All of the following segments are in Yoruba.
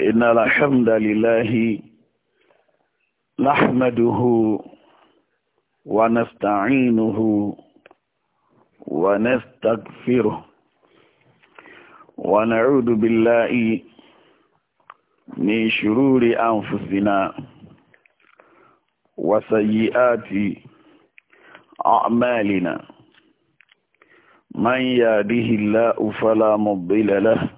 إن الحمد لله نحمده ونستعينه ونستغفره ونعوذ بالله من شرور أنفسنا وسيئات أعمالنا من يهده الله فلا مضل له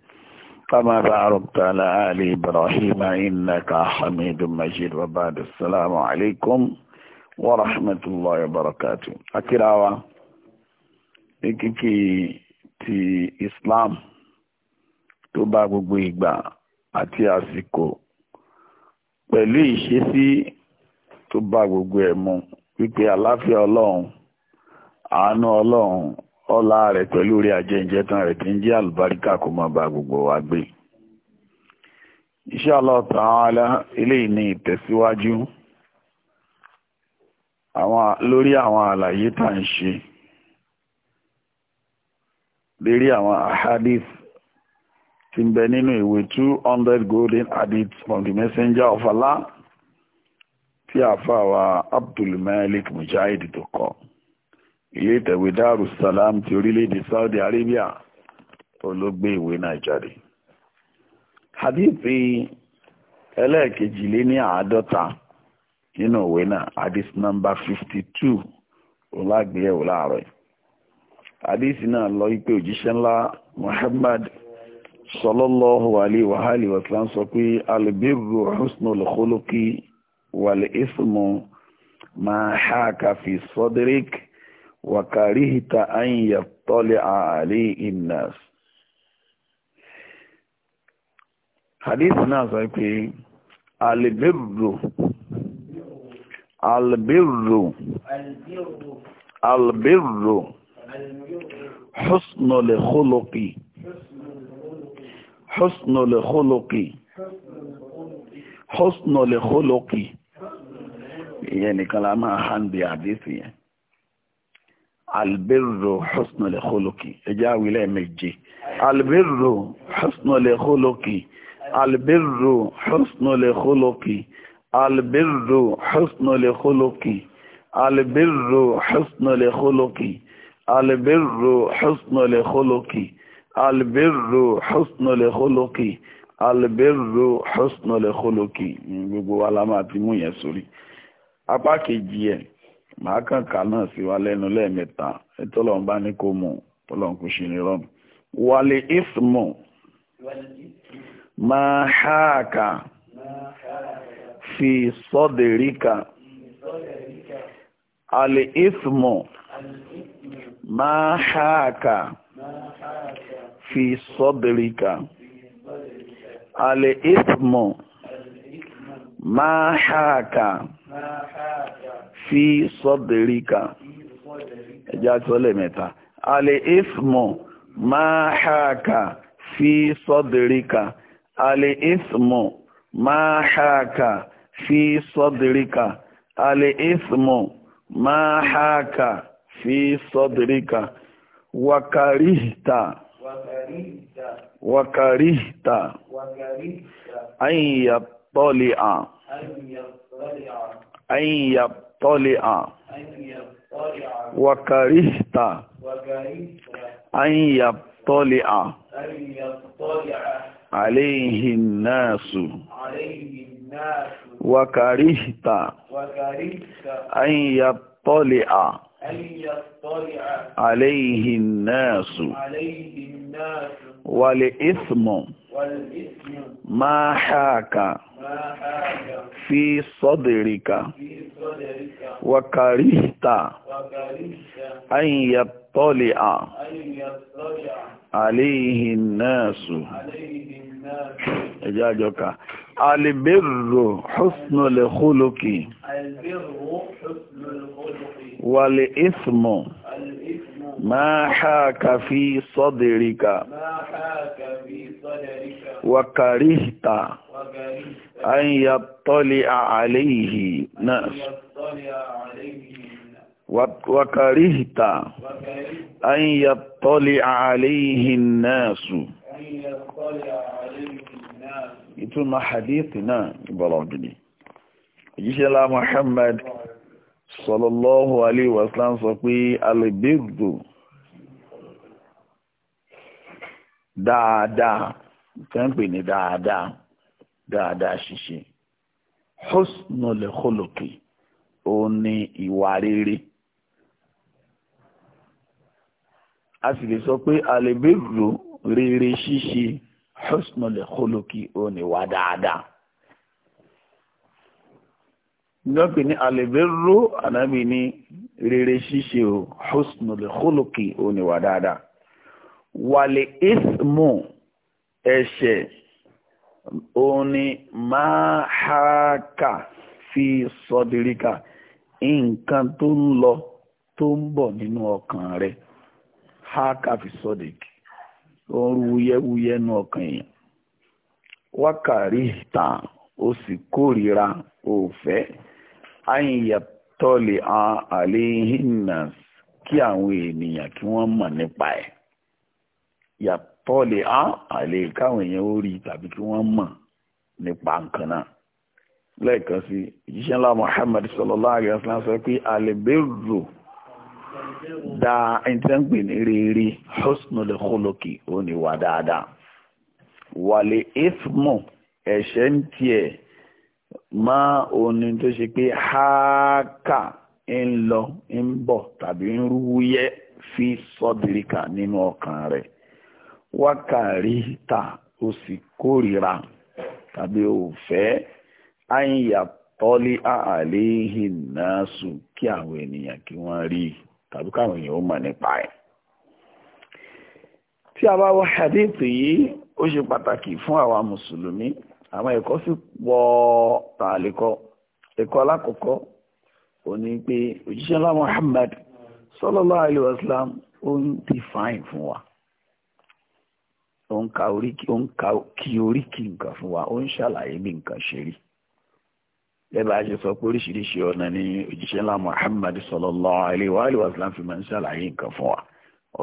كما باركت على آل إبراهيم إنك حميد مجيد وبعد السلام عليكم ورحمة الله وبركاته أكراوا ìkíkí ti Islam tó bá gbogbo ìgbà àti àsìkò pẹ̀lú ìṣesí tó bá gbogbo ẹ̀ mu wípé àlàáfíà ọlọ́run àánú ọlọ́run ọlá rẹ̀ pẹ̀lú orí ajẹ́jẹ́ tán rẹ̀ tí ń jẹ́ àlùbáríkà kó máa bá gbogbo wa gbé Insha Allah Ta'ala eléyìí ní ìtẹ̀síwájú lórí àwọn àlàyé tá ń ṣe lérí àwọn ahadith tí ń bẹ nínú ìwé 200 golden hadith from the messenger of Allah tí àfàwà Abdul Malik Mujahid tó kọ́. ilé ìtẹ̀wé darussalam ti orílẹ̀-èdè saudi arabia tó ló gbé ìwé náà jáde hadithi ẹlẹ́ẹ̀kejì lé ní àádọ́ta nínú ìwé náà hadith number fifty two olágbéyẹ̀wò láàárọ̀ hadithi náà lọ wípé òjíṣẹ́ ńlá muhammad sallallahu alayhi wa alihi wa sallam sọ pé albirru husnul khuluqi wal ismu ma haka fi sadrik وكرهت أن يطلع عليه الناس حديثنا سيكون إيه؟ البر البر البر حسن لخلقي حسن لخلقي حسن لخلقي يعني كلامها حان بحديثي يعني albirru husnul khuluqi ẹjẹ́ àwílẹ̀ méje albirru husnul khuluqi albirru husnul khuluqi albirru husnul khuluqi albirru husnul khuluqi albirru husnul khuluqi albirru husnul khuluqi albirru husnul khuluqi gbogbo wa la máa ti mú yẹn sórí apá kejì ẹ̀ màá kàn ká náà sí wa lẹ́nu lẹ́ẹ̀mẹ́ta ẹtọ́lọ́n bá ní kó mú tọ́lọ́n kò ṣe ní rọ́ọ̀mù. wàlẹ̀ ismu máa háàkà fi sọ́dẹ̀ríkà àlẹ̀ ismu máa háàkà fi sọ́dẹ̀ríkà àlẹ̀ ismu. ما حاك في صدرك جاءت متى الإثم ما حاك في صدرك الإثم ما حاك في صدرك الإثم ما حاك في صدرك وكرهت وكرهت وكرهت أن يبقى يطلع أن يطلع وكرهت أن يطلع عليه الناس وكرهت أن يطلع عليه الناس والإثم ما حاك في صدرك وكرهت أن يطلع عليه الناس إجاجك البر حسن الخلق والإثم ما حاك في صدرك wakarihta an ya tole a alaihi na wakarihta an ya ito na hadith na balogini yíṣẹ́ lá mohamed sallallahu alaihi wasallam sọ pé alibirdu kàn pè ní dáadáa dáadáa ṣíṣe husnul khuluqi ó ní ìwà rere a sì lè sọ pé àlèbèrò rere ṣíṣe husnul khuluqi ó ní ìwà dáadáa lọ́pẹ̀ ní àlèbèrò ànábì ní rere ṣíṣe o husnul khuluqi ní ìwà dáadáa wàlẹ̀ ismu ẹ̀ṣẹ̀ òun ni ha háàkà fi sọdìríkà nǹkan tó ń lọ tó ń bọ̀ nínú ọkàn rẹ̀ fi sọdìríkà ó ń wúyẹ́wúyẹ́ ọkàn èèyàn wákàrí ta ó sì kórìíra òfẹ́ àyìnyàtọ́lẹ̀ àléhìnnà kí àwọn ènìyàn kí wọ́n mọ̀ nípa ẹ̀ yàtọ̀ tọ́ọ̀lẹ̀ á àlè káwọn èèyàn ó rí tàbí kí wọ́n mọ̀ nípa nǹkan náà lẹ́ẹ̀kan sí ìjíṣẹ́ ńlá Muhammad sallallahu alaihi wasallam sọ pé àlèbèrò da ìtẹ́ǹpì ní rere husnul khuluqi ó ní wà dáadáa wàlẹ̀ ismu ẹ̀ṣẹ̀ ń tiẹ̀ máa òní tó ṣe pé háàkà ń lọ ń bọ̀ tàbí ń rúwúyẹ́ fi sọ́dìríkà nínú ọkàn rẹ̀ wákàrí ta ó sì kórìíra tàbí ò fẹ́ àyìnyà tọ́lé àléhìn náà sùn kí àwọn ènìyàn kí wọ́n rí tàbí káwọn èèyàn ó mọ̀ nípa a bá wọ hadith yìí ó ṣe pàtàkì fún àwa mùsùlùmí àwọn ẹ̀kọ́ sì pọ̀ tààlẹ́kọ́ ẹ̀kọ́ alákọ̀ọ́kọ́ ò ní pé òjíṣẹ́ ńlá Muhammad sallallahu alaihi wasallam ó ń fún wa ó ń ka oríkì ó ń ka kí oríkì nǹkan fún wa ó ń ṣàlàyé bí nǹkan ṣe rí lẹ́bàá ṣe sọ pé oríṣiríṣi ọ̀nà ni òjíṣẹ́ ńlá Muhammad sallallahu alaihi wa alihi wa sallam fi máa ń ṣàlàyé nǹkan fún wa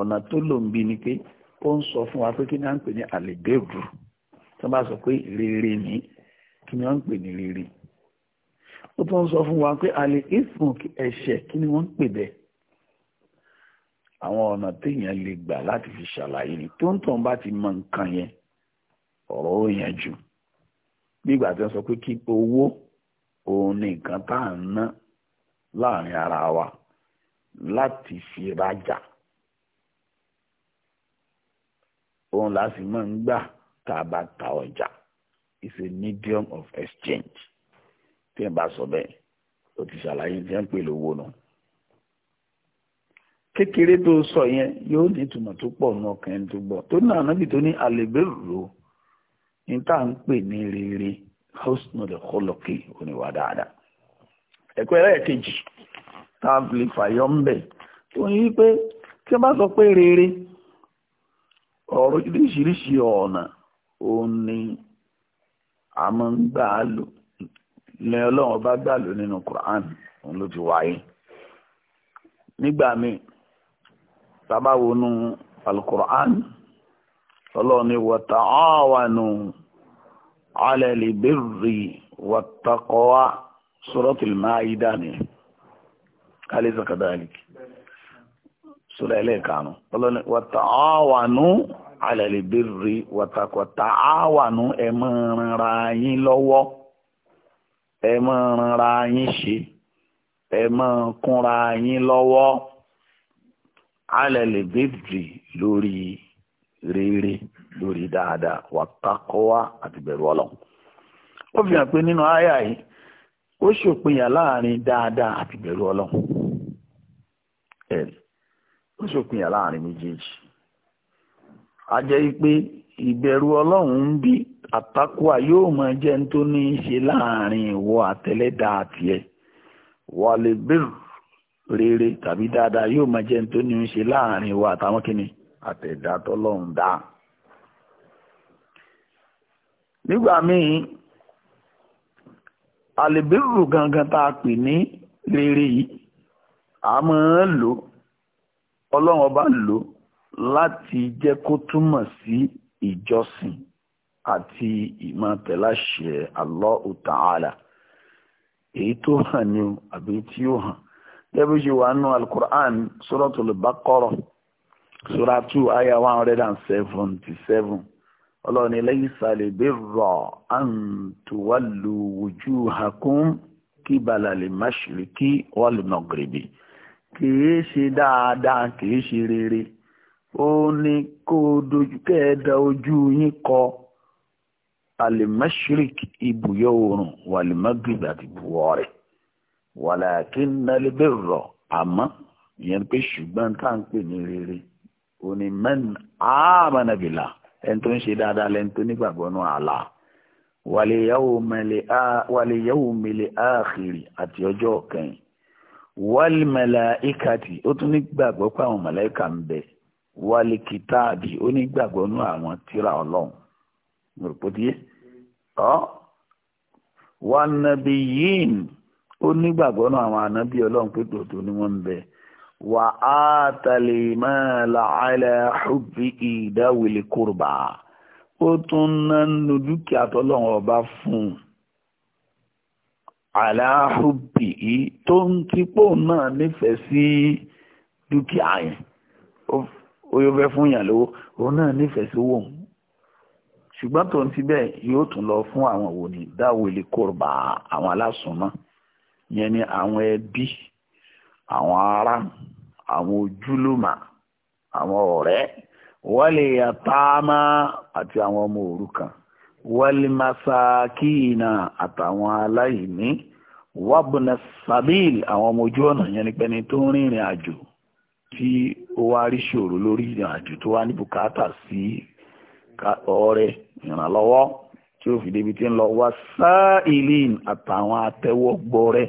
ọ̀nà tó lò ń bí ni pé ó ń sọ fún wa pé kí ni à ń pè ní àlègbèrú tó bá sọ pé rere ni kí ni à ń pè ní rere ó tún sọ fún wa pé àlè ìfún ẹ̀ṣẹ̀ kí ni wọ́n ń pè bẹ́ẹ̀ àwọn ọ̀nà téèyàn lè gbà láti fi ṣàlàyé ni tó ń tàn bá ti mọ nǹkan yẹn ọ̀rọ̀ ó yẹn jù nígbà tí wọ́n sọ pé kí owó òun ni nǹkan tá à ń ná láàrin ara wa láti fi rajà òun la sì máa ń gbà tá a bá ta ọjà it's a medium of exchange tí n bá sọ bẹ́ẹ̀ o ti ṣàlàyé tí wọ́n ń pè lówó náà kékeré tó sọ yẹn yóò ní ìtumọ̀ tó pọ̀ nù ọkàn ẹni tó gbọ́ tó náà nábì tó ní àlèbèrò ní tá à ń pè ní rere husnul khuluqi oníwà dáadáa ẹ̀kọ́ ẹlẹ́ẹ̀kejì tá a lè fàyọ ń bẹ̀ tó ní wípé tí wọ́n bá sọ pé rere oríṣiríṣi ọ̀nà òun ni a máa ń gbà á lò lẹ́yìn ọlọ́run ọba gbà lò nínú Qur'an òun ló ti wáyé nígbà míì sábà wọnú alukur'an ọlọ́ọ̀ni wàtàáwánu alẹ́lẹ́ bẹ́rì wàtàkọ́wá suratul Maida ni kálísà kadhalika sọ̀rọ̀ ẹlẹ́ẹ̀kanu ọlọ́ọ̀ni wàtàáwánu alẹ́lẹ́ bẹ́rì wàtàkọ́ tàáwánu ẹ máa ran ara yín lọ́wọ́ ẹ máa yín ṣe ẹ kúnra yín lọ́wọ́. alẹ́lẹ̀ bẹ́ẹ̀dì lórí rere lórí dáadáa wà àti bẹ̀rù ọlọ́run ó fi hàn pé nínú àyà yìí ó ṣòpinya láàrin dáadáa àti bẹ̀rù ó ṣòpinya láàrin méjèèjì a jẹ́ pé ìbẹ̀rù ọlọ́run ń bí yóò máa jẹ́ ń tó ní í ṣe láàrin ìwọ lè rere tàbí dáadáa yóò máa jẹ́ tó ní ṣe láàrin wa àtàwọn kìíní àtẹ̀dá tọ́lọ́run dá. nígbà míì àlèbírù gangan tá a pè ní rere yìí a máa ń lò ọlọ́run ọba lò láti jẹ́ kó túmọ̀ sí ìjọsìn àti ìmọ̀tẹ́láṣẹ Allahu Ta'ala èyí tó hàn ni o àbí tí ó hàn gẹ́gẹ́ bí ṣe wà nínú alukur'an suratul baqara sura two aya one hundred and seventy seven ọlọ́run ní laysa lil birra an tuwallu wujuhakum qibala lil mashriqi wal maghribi kìí ṣe dáadáa kìí ṣe rere ó ní kó dojú kẹ́ẹ̀dá ojú yín kọ al mashriq ibùyọ̀ oòrùn wal àti ibùwọ̀ walakinna al-birra àmọ́ ìyẹn pé ṣùgbọ́n tá à ń pè ní rere òní man amana billah ẹni tó ń ṣe dáadáa lẹ́ni tó nígbàgbọ́ nù Allah wal yawmil akhiri àti ọjọ́ kẹyìn wal malaikati ó tún nígbàgbọ́ pé àwọn màláíkà ń bẹ wal kitabi ó nígbàgbọ́ nù àwọn tírà ọlọ́run mo rò pé ó ti yé ọ́ wan nabiyyin ó nígbàgbọ́ náà àwọn ànábì ọlọ́run pé tòótó ni wọ́n ń bẹ wà á tàlè máa là àìlẹ̀ hubbi ìdáwìlì kùrbà ó tún ná nu dúkìá tọ́lọ́run ọba fún un tó ń tipó náà nífẹ̀ẹ́ sí dúkìá yẹn ó yóò fẹ́ fún yàn lówó òun náà nífẹ̀ẹ́ sí wò ṣùgbọ́n tó ń ti bẹ́ẹ̀ yóò tún lọ fún àwọn òwò dáwìlì kùrbà àwọn alásùnmọ́ yẹn ni àwọn ẹbí àwọn ará àwọn ojúlùmọ̀ àwọn ọ̀rẹ́ wọ́lé àtàmà àti àwọn ọmọ òrukàn wọ́lé masakina àtàwọn aláìní wàbùnà sabil àwọn ọmọ ojú ọ̀nà yẹn ni pẹ́ni tó ń rìnrìn àjò tí ó wá rí ṣòro lórí ìrìn àjò tó wá ní bùkátà sí ọrẹ ìrànlọ́wọ́ tí ó fi débi tí ń lọ wá sáìlín àtàwọn atẹ́wọ́ gbọ́rẹ́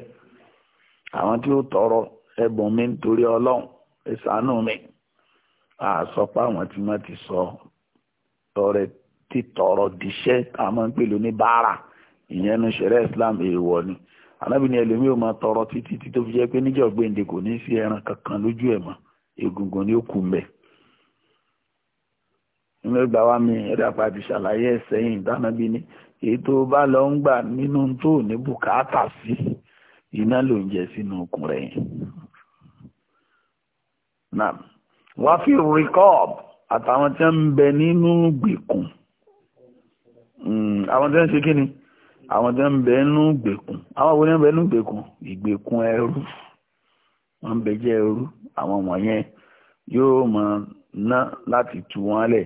àwọn tí ó tọrọ ẹ̀bùn mi nítorí ọlọ́run ẹ ṣàánú mi àsọpá àwọn tí wọ́n ti sọ tọrẹ títọrọ díṣẹ́ tá a máa ń pè lóní báárà ìyẹn nu ṣẹ̀rẹ́ Islam èèwọ̀ ni alábìíní ẹlòmíì máa tọrọ títí tó fi jẹ́ pé níjọ́ gbèǹde kò ní sí ẹran kankan lójú ẹ̀ mọ́ egungun ni ó kù mẹ́ẹ̀ nínú ìgbà wa mi ẹ̀rọ àpàbí ṣàlàyé ẹ̀sẹ̀yìn ìdánábí ni èyí tó bá lọ ń gbà nínú tó ní bùkátà sí iná ló ń jẹ sínú okùn rẹ̀ yẹn. wá fi rìkọ́ọ̀bù àtàwọn tí ń bẹ nínú gbèkùn hmm, àwọn tí ń ṣe kí ni àwọn tí ń bẹ nínú gbèkùn àwọn wo ni ń bẹ nínú gbèkùn ìgbèkùn ẹrú wọn ń bẹ jẹ ẹrú àwọn wọ̀nyẹn yóò mọ ná láti tú wọn lẹ̀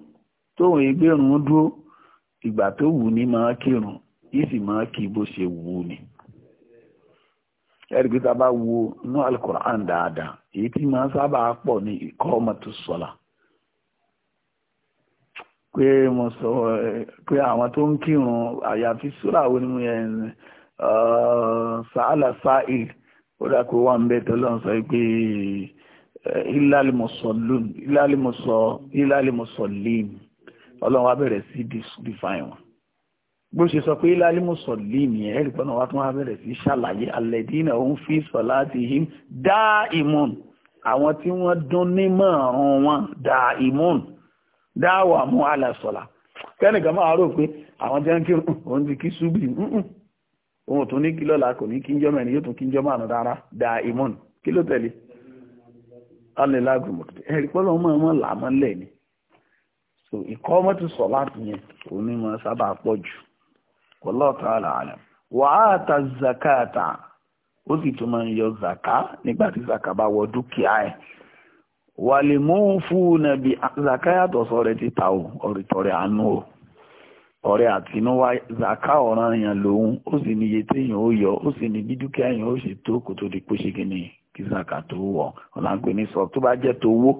tóun ìgbérun dúró ìgbà tó wù ní máa kírun yìí máa kí bó ṣe wù ní ẹ̀rí pé a bá wo inú alukur'an dáadáa èyí tí máa sábà pọ̀ ní ikọ́ ọmọtò sọ́la pé mo sọ pé àwọn tó ń kírun àyàfi sura wo ni mo yẹn sàálà ọlọ́run wa bẹ̀rẹ̀ sí define wọn bó ṣe sọ pé ilalimuso lèmi ẹ̀rí pọ́nà wa tún wá bẹ̀rẹ̀ sí ṣàlàyé alẹ́dínà òun fi salatihim daimun àwọn tí wọ́n dún ní mọ̀ọ́rùn wọn daimun dáwàmú alásọ̀là kẹ́nìkan máa rò pé àwọn jẹ́ ń kírun òun ti kí ṣúbì òun tún ní kí lọ́la kò ní kí ń jọ́ mẹ́rin yóò tún kí ń jọ́ márùn rárá daimun kí ló tẹ̀lé alẹ́lágùnmọ̀ ẹ̀rí pọ́nà wọn mọ̀ so ìkọ́ mọ́tò yẹn onímọ̀ sábà pọ̀ jù wallahu wa a zakata ó sì tún máa ń yọ zaka nígbà tí zaka bá wọ dúkìá ẹ̀ wàlè mú fún nàbí zaka yàtọ̀ sọ̀rọ̀ ti o ọ̀rẹ́ tọrẹ àánú o àtinúwá zaka ọ̀ràn yẹn yọ ó sì ní bí dúkìá yẹn ó tó kó tó di pé ṣe kí ni kí zaka tó sọ tó bá jẹ́ tó wó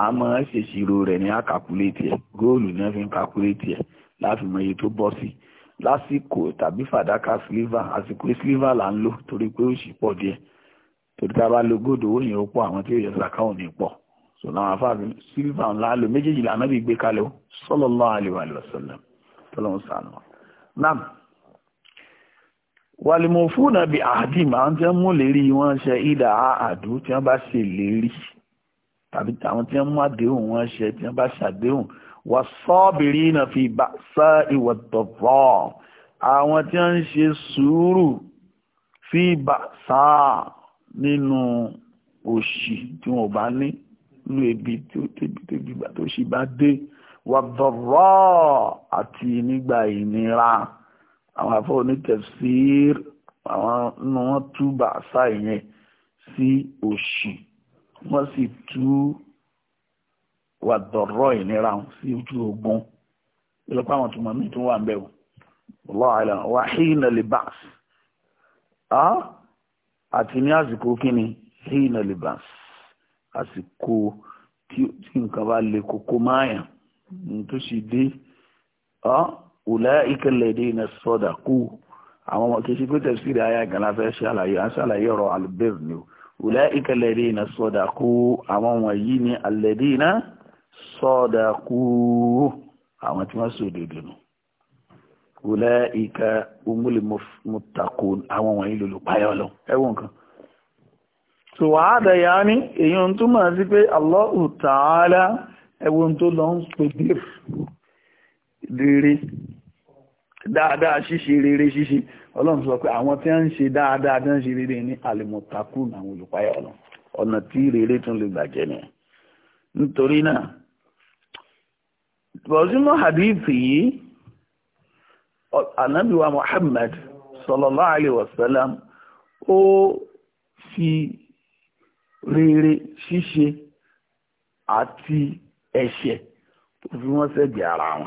àmọ́ ṣèṣirò rẹ̀ ní àkàkúléètì ẹ̀ góòlù náà fi ń kàkúléètì ẹ̀ láti mọ iye tó bọ́ sí lásìkò tàbí fàdákà sílífà àsìkò sílífà là ń lò torí pé ó sì pọ̀ díẹ̀ torí tá a bá lo góòdù owó yẹn ó pọ̀ àwọn tí ó yẹ sàkà ò ní pọ̀ sọ làwọn afáàfin sílífà ńlá lò méjèèjì lànà bí gbé kalẹ̀ ó sallallahu alaihi wa sallam tọ́lọ́run sànù náà wàlìmọ̀ fún nàbì àdìmọ̀ àwọn tí wọ́n mú lérí wọn ṣe ìdá àdó tí wọ́n bá ṣe lérí tàbí táwọn tí wọ́n mú àdéhùn wọn ṣe tí wọ́n bá ṣàdéhùn wà sọ́ọ̀bìrì náà fi bá sá ìwà tọ̀fọ́ àwọn tí wọ́n ń ṣe sùúrù fi bá sá nínú òṣì tí wọ́n bá ní nínú ebi tó tẹbi tó ṣì bá dé wà àti nígbà ìnira àwọn afọ onítẹ̀fsíìr àwọn nù wọ́n túbà sá ìyẹn sí òṣì wọ́n sì tú wà dọ̀rọ̀ ìnira sí ojú ogun ìlọ́pàá àwọn tùmọ̀ míì tó wà ń bẹ̀ o lọ́ọ̀lá wà hìnà lè bá àti ní àsìkò kíni hìnà lè bá àsìkò tí nǹkan bá lè kókó máyà tó sì dé ulaika alladhina sadaqu àwọn ọmọ kìí ṣe pé tẹ̀síìrì ayé àgànlá fẹ́ ṣàlàyé à ń ṣàlàyé ọ̀rọ̀ albert ni o ulaika alladhina sadaqu àwọn wọ̀nyí ni alladhina sadaqu àwọn tí wọ́n sòdodo nù ulaika umul muttaqun àwọn wọ̀nyí lolùpáyọ̀ lọ ẹ̀wọ̀n kan so wàá dẹ̀yà ní èyàn tó máa sí pe Allah ta'ala ẹ̀wọ̀n tó lọ ń pè dé rere dáadáa ṣíṣe rere ṣíṣe ọlọ́run sọ pé àwọn tí wọ́n ń ṣe dáadáa tí wọ́n ń ṣe rere ní àlèmọ̀takù àwọn olùpáyà ọlọ́run ọ̀nà tí rere tún lè gbàjẹ́ nìyẹn nítorí náà yìí anabiwa rere ṣíṣe àti ẹ̀ṣẹ̀ tó fi wọ́n sẹ́gbẹ̀ẹ́ ara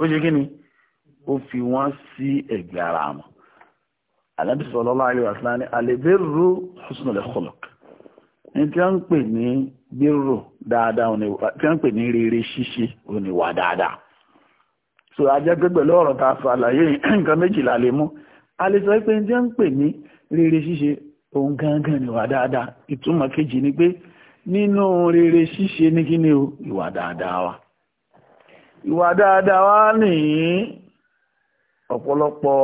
ó ṣe kí ni ó fi wọ́n sí ẹ̀gbẹ́ ara wọn alábi sallallahu alaihi wasallam ní al-birru husnul khuluq ní tí wọ́n ń pè ní bírò dáadáa tí wọ́n pè ní rere ṣíṣe òní dáadáa so ajẹ́ pé pẹ̀lú ọ̀rọ̀ ta sọ àlàyé nǹkan méjìlá lè mú a lè sọ pé tí wọ́n ń pè ní rere ṣíṣe òun gangan ni dáadáa ìtumọ̀ kejì ni pé nínú rere ṣíṣe ní kí ni ìwà dáadáa wa ìwà dáadáa wá nìyí ọ̀pọ̀lọpọ̀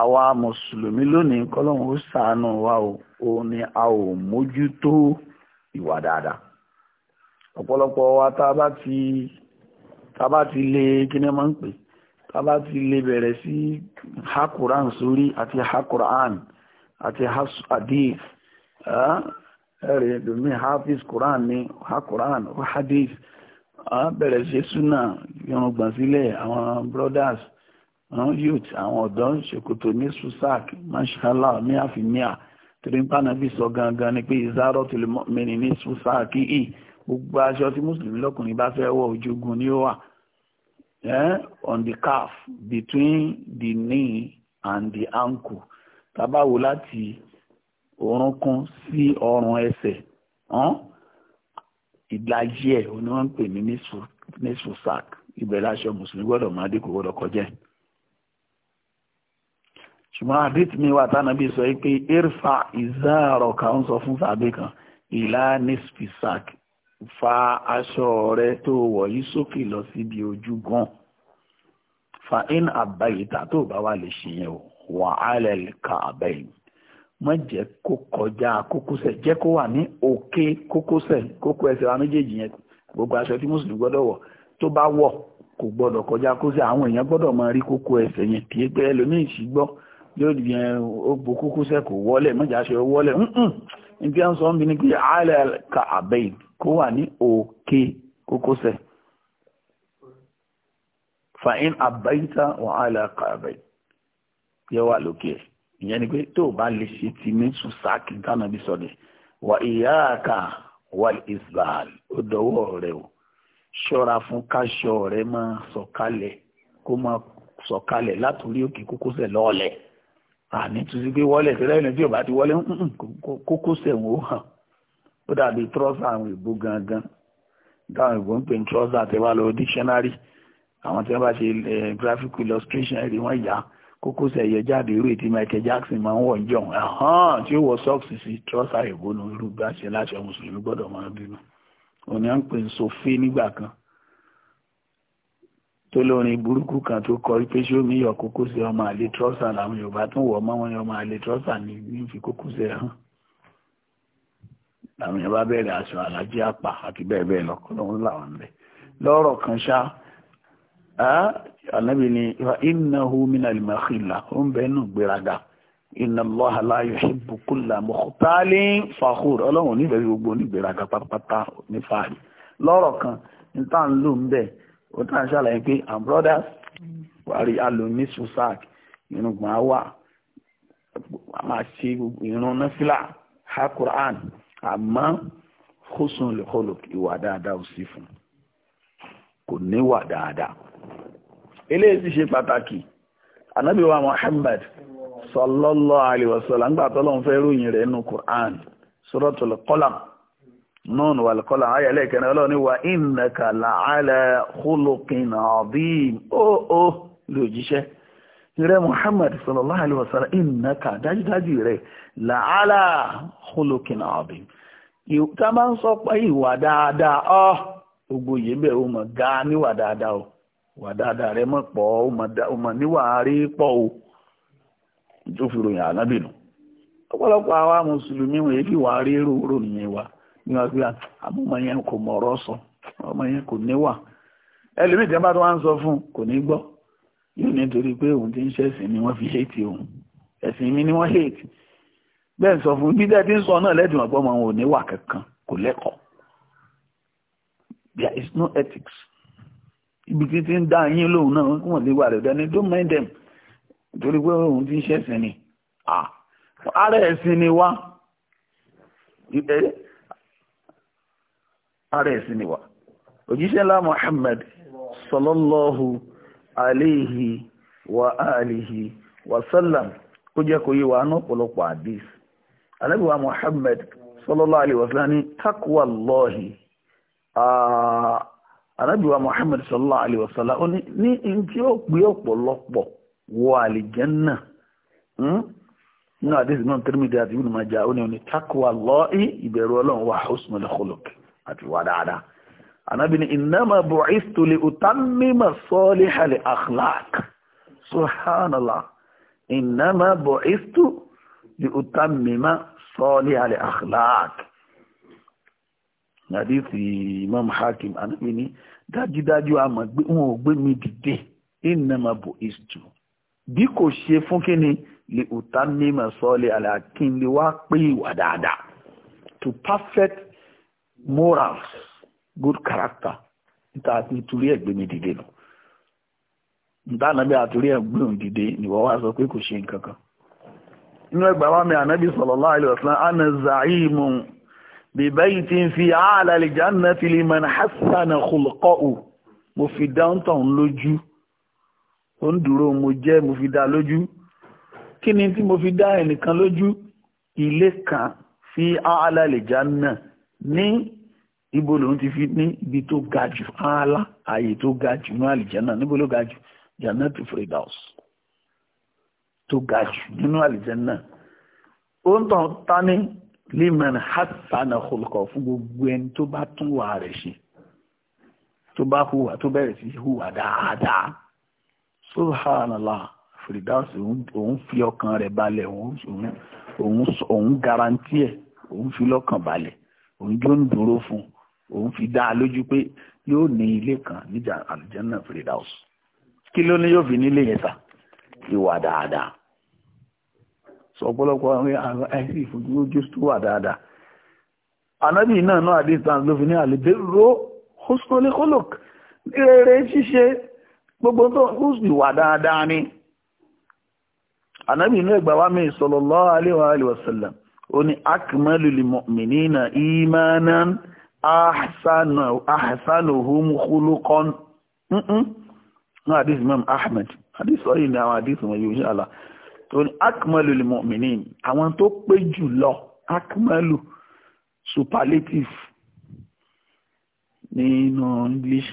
àwa mùsùlùmí lónìí kọ́lọ́hún ó ṣàánú wa ò ní a ò mójútó ìwà dáadáa ọ̀pọ̀lọpọ̀ wa tá a bá ti tá a bá ti lé kí ni máa ń pè tá a bá ti lé bẹ̀rẹ̀ sí hakuran sórí àti hakuran àti hadith ẹ̀rẹ̀ ẹ̀dùnmí hafiz quran ni hakuran hadith àwọn bẹ̀rẹ̀ ṣe súnà irùngbọ̀n sílẹ̀ àwọn brothers àwọn youth àwọn ọ̀dọ́ ṣòkòtò ní susac mashallah ní àfimíà tìrìpánà bí sọ gangan ni pé ìzárọ̀ tó lè mẹ́rin ní susac yìí gbogbo aṣọ tí mùsùlùmí lọ́kùnrin bá fẹ́ wọ̀ ojúgun ni ó wà on the calf between the knee and the ankle tá bá wò láti orúnkún sí ọrùn ẹsẹ̀. Huh? ìdajì ẹ̀ òun ni wọ́n ń pè ní nísù sac ìbẹ̀rẹ̀ aṣọ mùsùlùmí gbọ́dọ̀ máa dé kò gbọ́dọ̀ kọjá ṣùgbọ́n àdìtì mi wà tánàbí sọ pé irfa ìzáàrọ̀ kan ń sọ fún sàbí kan ìlà nísù fa aṣọ rẹ tó wọ̀ yí sókè lọ síbi ojú gan fa in àbáyìí tà tó bá wà lè ṣe yẹn wà á lẹ̀ ká àbáyìí má jẹ́ kó kọjá kókósẹ̀ jẹ́ kó wà ní òkè kókósẹ̀ kókó ẹsẹ̀ wa méjèèjì yẹn gbogbo aṣọ tí mùsùlùmí gbọ́dọ̀ wọ̀ tó bá wọ̀ kò gbọ́dọ̀ kọjá kókósẹ̀ àwọn èèyàn gbọ́dọ̀ máa rí kókó ẹsẹ̀ yẹn kì í pé ẹlòmíì sì gbọ́ yóò di yẹn ó bo kókósẹ̀ kò wọlé má jẹ́ aṣọ wọlé nbí wọn sọ ń bi ni pé àlẹ ka àbẹ̀yìn kó wà ní òkè kókósẹ̀ fàyín àbẹ̀yìntà wà àlẹ ka àbẹ̀yìn yẹ wà lókè ẹ̀ ìyẹn ni pé tó o bá lè ṣe ti ní sùsáàkì dáná bí sọ̀dẹ̀ wà ìyá àkà wà isbal ó dọwọ́ rẹ o ṣọ́ra fún káṣọ rẹ máa sọ̀kalẹ̀ kó máa sọ̀kalẹ̀ látòrí òkè kókósẹ̀ lọ́ọ̀lẹ̀ àní tún sí pé wọ́lẹ̀ tẹ́lẹ̀ ìlú tí ò bá ti wọlé kókósẹ̀ wọn hàn ó dàbí trọ́sà àwọn ìbò gangan táwọn ìbò ń pè ní trọ́sà tẹ́wàá lọ dictionary àwọn tí wọ́n bá ṣe eh, graphic illustration ẹ̀rí wọ́n yà kókósẹ̀ yẹ jáde irú ètí Michael Jackson máa ń wọ̀ ń jọ̀hún ẹ̀hán tí ó wọ sọ́ọ̀sì sí trọ́sà ìbónú irú bá ṣe láṣẹ mùsùlùmí gbọ́dọ̀ máa bínú òní à ń pè sófin nígbà kan tó lórin burúkú kan tó kọ pé ṣé omi yọ kókósẹ̀ ọmọ àlè trọ́sà làwọn Yorùbá tún wọ̀ ọmọ wọn yọ ọmọ àlè trọ́sà ní fi kókósẹ̀ hàn làwọn Yorùbá bẹ̀rẹ̀ aṣọ àlàjì àpà àti bẹ́ẹ̀ bẹ́ẹ̀ lọ lọ́rọ̀ kan ṣáá ànábì ni innahu minal makhila ó ń bẹ inú gbéraga inna Allaha la yuhibbu kulla mukhtalin fakhur ọlọ́run onífẹ̀ẹ́ gbogbo onígbéraga pátápátá ní fàárì lọ́rọ̀ kan ní tá à ń lò ń bẹ̀ ó tá à ń ṣàlàyé and brothers wàrí alomi susac irùngbọ̀n àwa a máa ṣe irun náfìlà ha Qur'an àmọ́ husnul khuluq ìwà dáadáa ò sí fún kò níwà dáadáa eléyìí ṣe pàtàkì ànábì wa Muhammad sallallahu alaihi wasallam ńgbà tọ́lọ́run fẹ́ ròyìn rẹ̀ nínú Qur'an suratul Qalam nun wal qalam ayẹlẹ́ ìkẹrin ọlọ́run ní wa innaka la'ala khuluqin adhim ó ó lòjíṣẹ́ rẹ̀ Muhammad sallallahu alaihi wasallam innaka dájúdájú rẹ̀ la'ala khuluqin adhim tá a máa ń sọ pé ìwà dáadáa ọ gbogbo yìí bẹ́ẹ̀ ó gáà níwà dáadáa o wà dáadáa rẹ mọ̀ pọ̀ ó mọ̀ níwà rí pọ o tó fi ròyìn ànábìnú Ọpọlọpọ àwa mùsùlùmí wọn èyí wà rí ròrò nìyẹn wa ní wọn yẹn kò sọ ọmọ yẹn kò níwà ẹlòmíì tí wọn bá tó wá ń sọ fún kò ní yóò ti ń ni wọn fi hate òun ẹ̀sìn mi ni wọn hate bẹ́ẹ̀ sọ fún bí ń sọ náà ò kankan kò ibi tí ti ń dá yín lóhùn náà kí wọ́n lè wà rẹ̀ dání don't mind them torí pé òun ti ń ṣẹ̀sìn ni ara ẹ̀sìn ni wá ara ẹ̀sìn ni wá òjíṣẹ́ ńlá Muhammad wa alihi wa sallam ó jẹ́ kó yé wa ná ọ̀pọ̀lọpọ̀ Muhammad sallallahu alayhi wa sallam arábìwá muhammed sallallahu alayhi wa sallam ó ní ní ntí ó pé ọ̀pọ̀lọpọ̀ wọ àlìjẹ́nà hmm? nínú àdéhùn náà Tirmidhi àti Ibn Majah ó ní oní takwa lọ́ọ̀ì ìbẹ̀rù ọlọ́run wà husnul khuluq àti wà dáadáa anábì ní innama bu'istu li utammima salihal akhlaq subhanallah innama bu'istu li utammima salihal akhlaq nàdíìsì imam hakim anábì ní dájúdájú àmọ́ wọn ò gbé mi dìde ìnàmà bò ìsù bí kò ṣe fún kí ni lè òtá mímọ sọlẹ alákin lè wá pé ìwà dáadáa to perfect morals good character níta nítorí ẹgbẹ́ mi dìde nù níta nàbí àtúrí ẹgbẹ́ mi dìde nìwọ wá sọ pé kò ṣe nǹkan kan inú ẹgbàá wa mi ànábì sallallahu alaihi wasallam ànà zaimu bèbáyìí ti ń fi ààlà lè jáná ti lè mọ̀nà hassan khulqa'u mo fi downtown lójú ó ń dúró mo jẹ́ mo fi dá lójú kí ni tí mo fi dá ẹnìkan lójú ilé kan fi ààlà lè jáná ní ibo lòun ti fi ní ibi tó ga jù ààlà ààyè tó ga jù ní àlìjáná níbo ló ga jù Jannatu Firdaus tó ga jù nínú àlìjáná ó ń tàn tání liman hasana khulqa fún gbogbo ẹni tó bá tún wà rẹ̀ ṣe tó bá hùwà tó bẹ̀rẹ̀ sí hùwà dáadáa subhanallah fìdáwọ̀sì òun fi ọkàn rẹ̀ balẹ̀ òun garanti ẹ̀ òun fi lọ́kàn balẹ̀ òun jó ń dúró fún òun fi dá a lójú pé yóò ní kan níjà àlùjànnà fìdáwọ̀sì kí ló ní yóò fi nílé yẹn sà sọ ọ̀pọ̀lọpọ̀ àwọn àìsí ìfojúró jù tó wà dáadáa anábì náà náà àdé ìtàn ló fi ní àlèbérò hosnolekolok rere ṣíṣe gbogbo tó húsbì wà dáadáa ni anábì inú ẹgbà wa mi sallallahu alaihi wa sallam ó ní akmalul mu'minina imanan ahsanuhum khuluqan náà àdé Imam Ahmed àdé sọ́yìn ni àwọn àdé ìsìnmọ̀ yìí insha tó akmalu lil mu'minin àwọn tó pé jù lọ akmalu superlative nínú English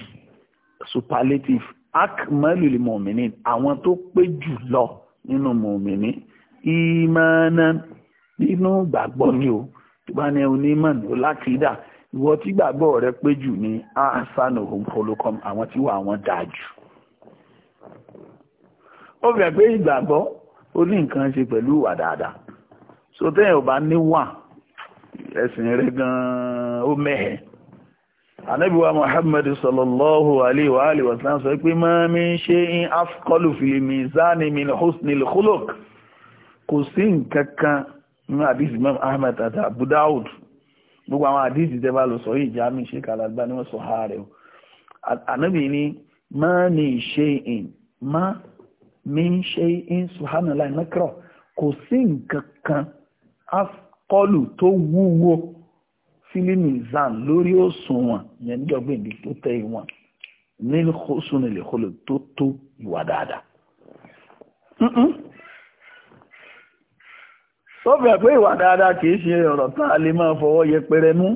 superlative akmalu lil mu'minin àwọn tó pé jù lọ nínú mọ̀mìnì ìmọ̀ọ́nà nínú gbàgbọ́ ni o tó bá ní onímọ̀ ní olákìdá ìwọ tí gbàgbọ́ rẹ pé jù ní asanu homfolocom àwọn tí wà wọn dáa jù. ó fẹ́ pé ìgbàgbọ́ ó ní nǹkan ṣe pẹ̀lú ìwà dáadáa so téèyàn ò bá níwà ẹ̀sìn rẹ̀ gan-an ó mẹ́hẹ̀ anábìwá muhammad sallallahu alayhi wa alihi wa sallam sọ pé ma min shay'in afqalu fil mizan min husnil khuluq kò sí nǹkan kan ní àdìsí imam ahmed àti abu dawud gbogbo àwọn àdìsí tẹ́ lọ sọ yìí jami sheikh al-albani wọ́n sọ ha rẹ̀ o anábì ní ma min shay'in min shay'in subhanallahi nakra kò sí nǹkan kan afkọlù tó wúwo fílímù zan lórí òṣùwọ̀n yẹn níjọba ìdí tó tẹ ìwọ̀n ní sunilẹ̀ kọlù tó tó ìwà dáadáa. sọ́bẹ̀ pé ìwà dáadáa kìí ṣe ọ̀rọ̀ tá a lè máa fọwọ́ yẹpẹrẹ mú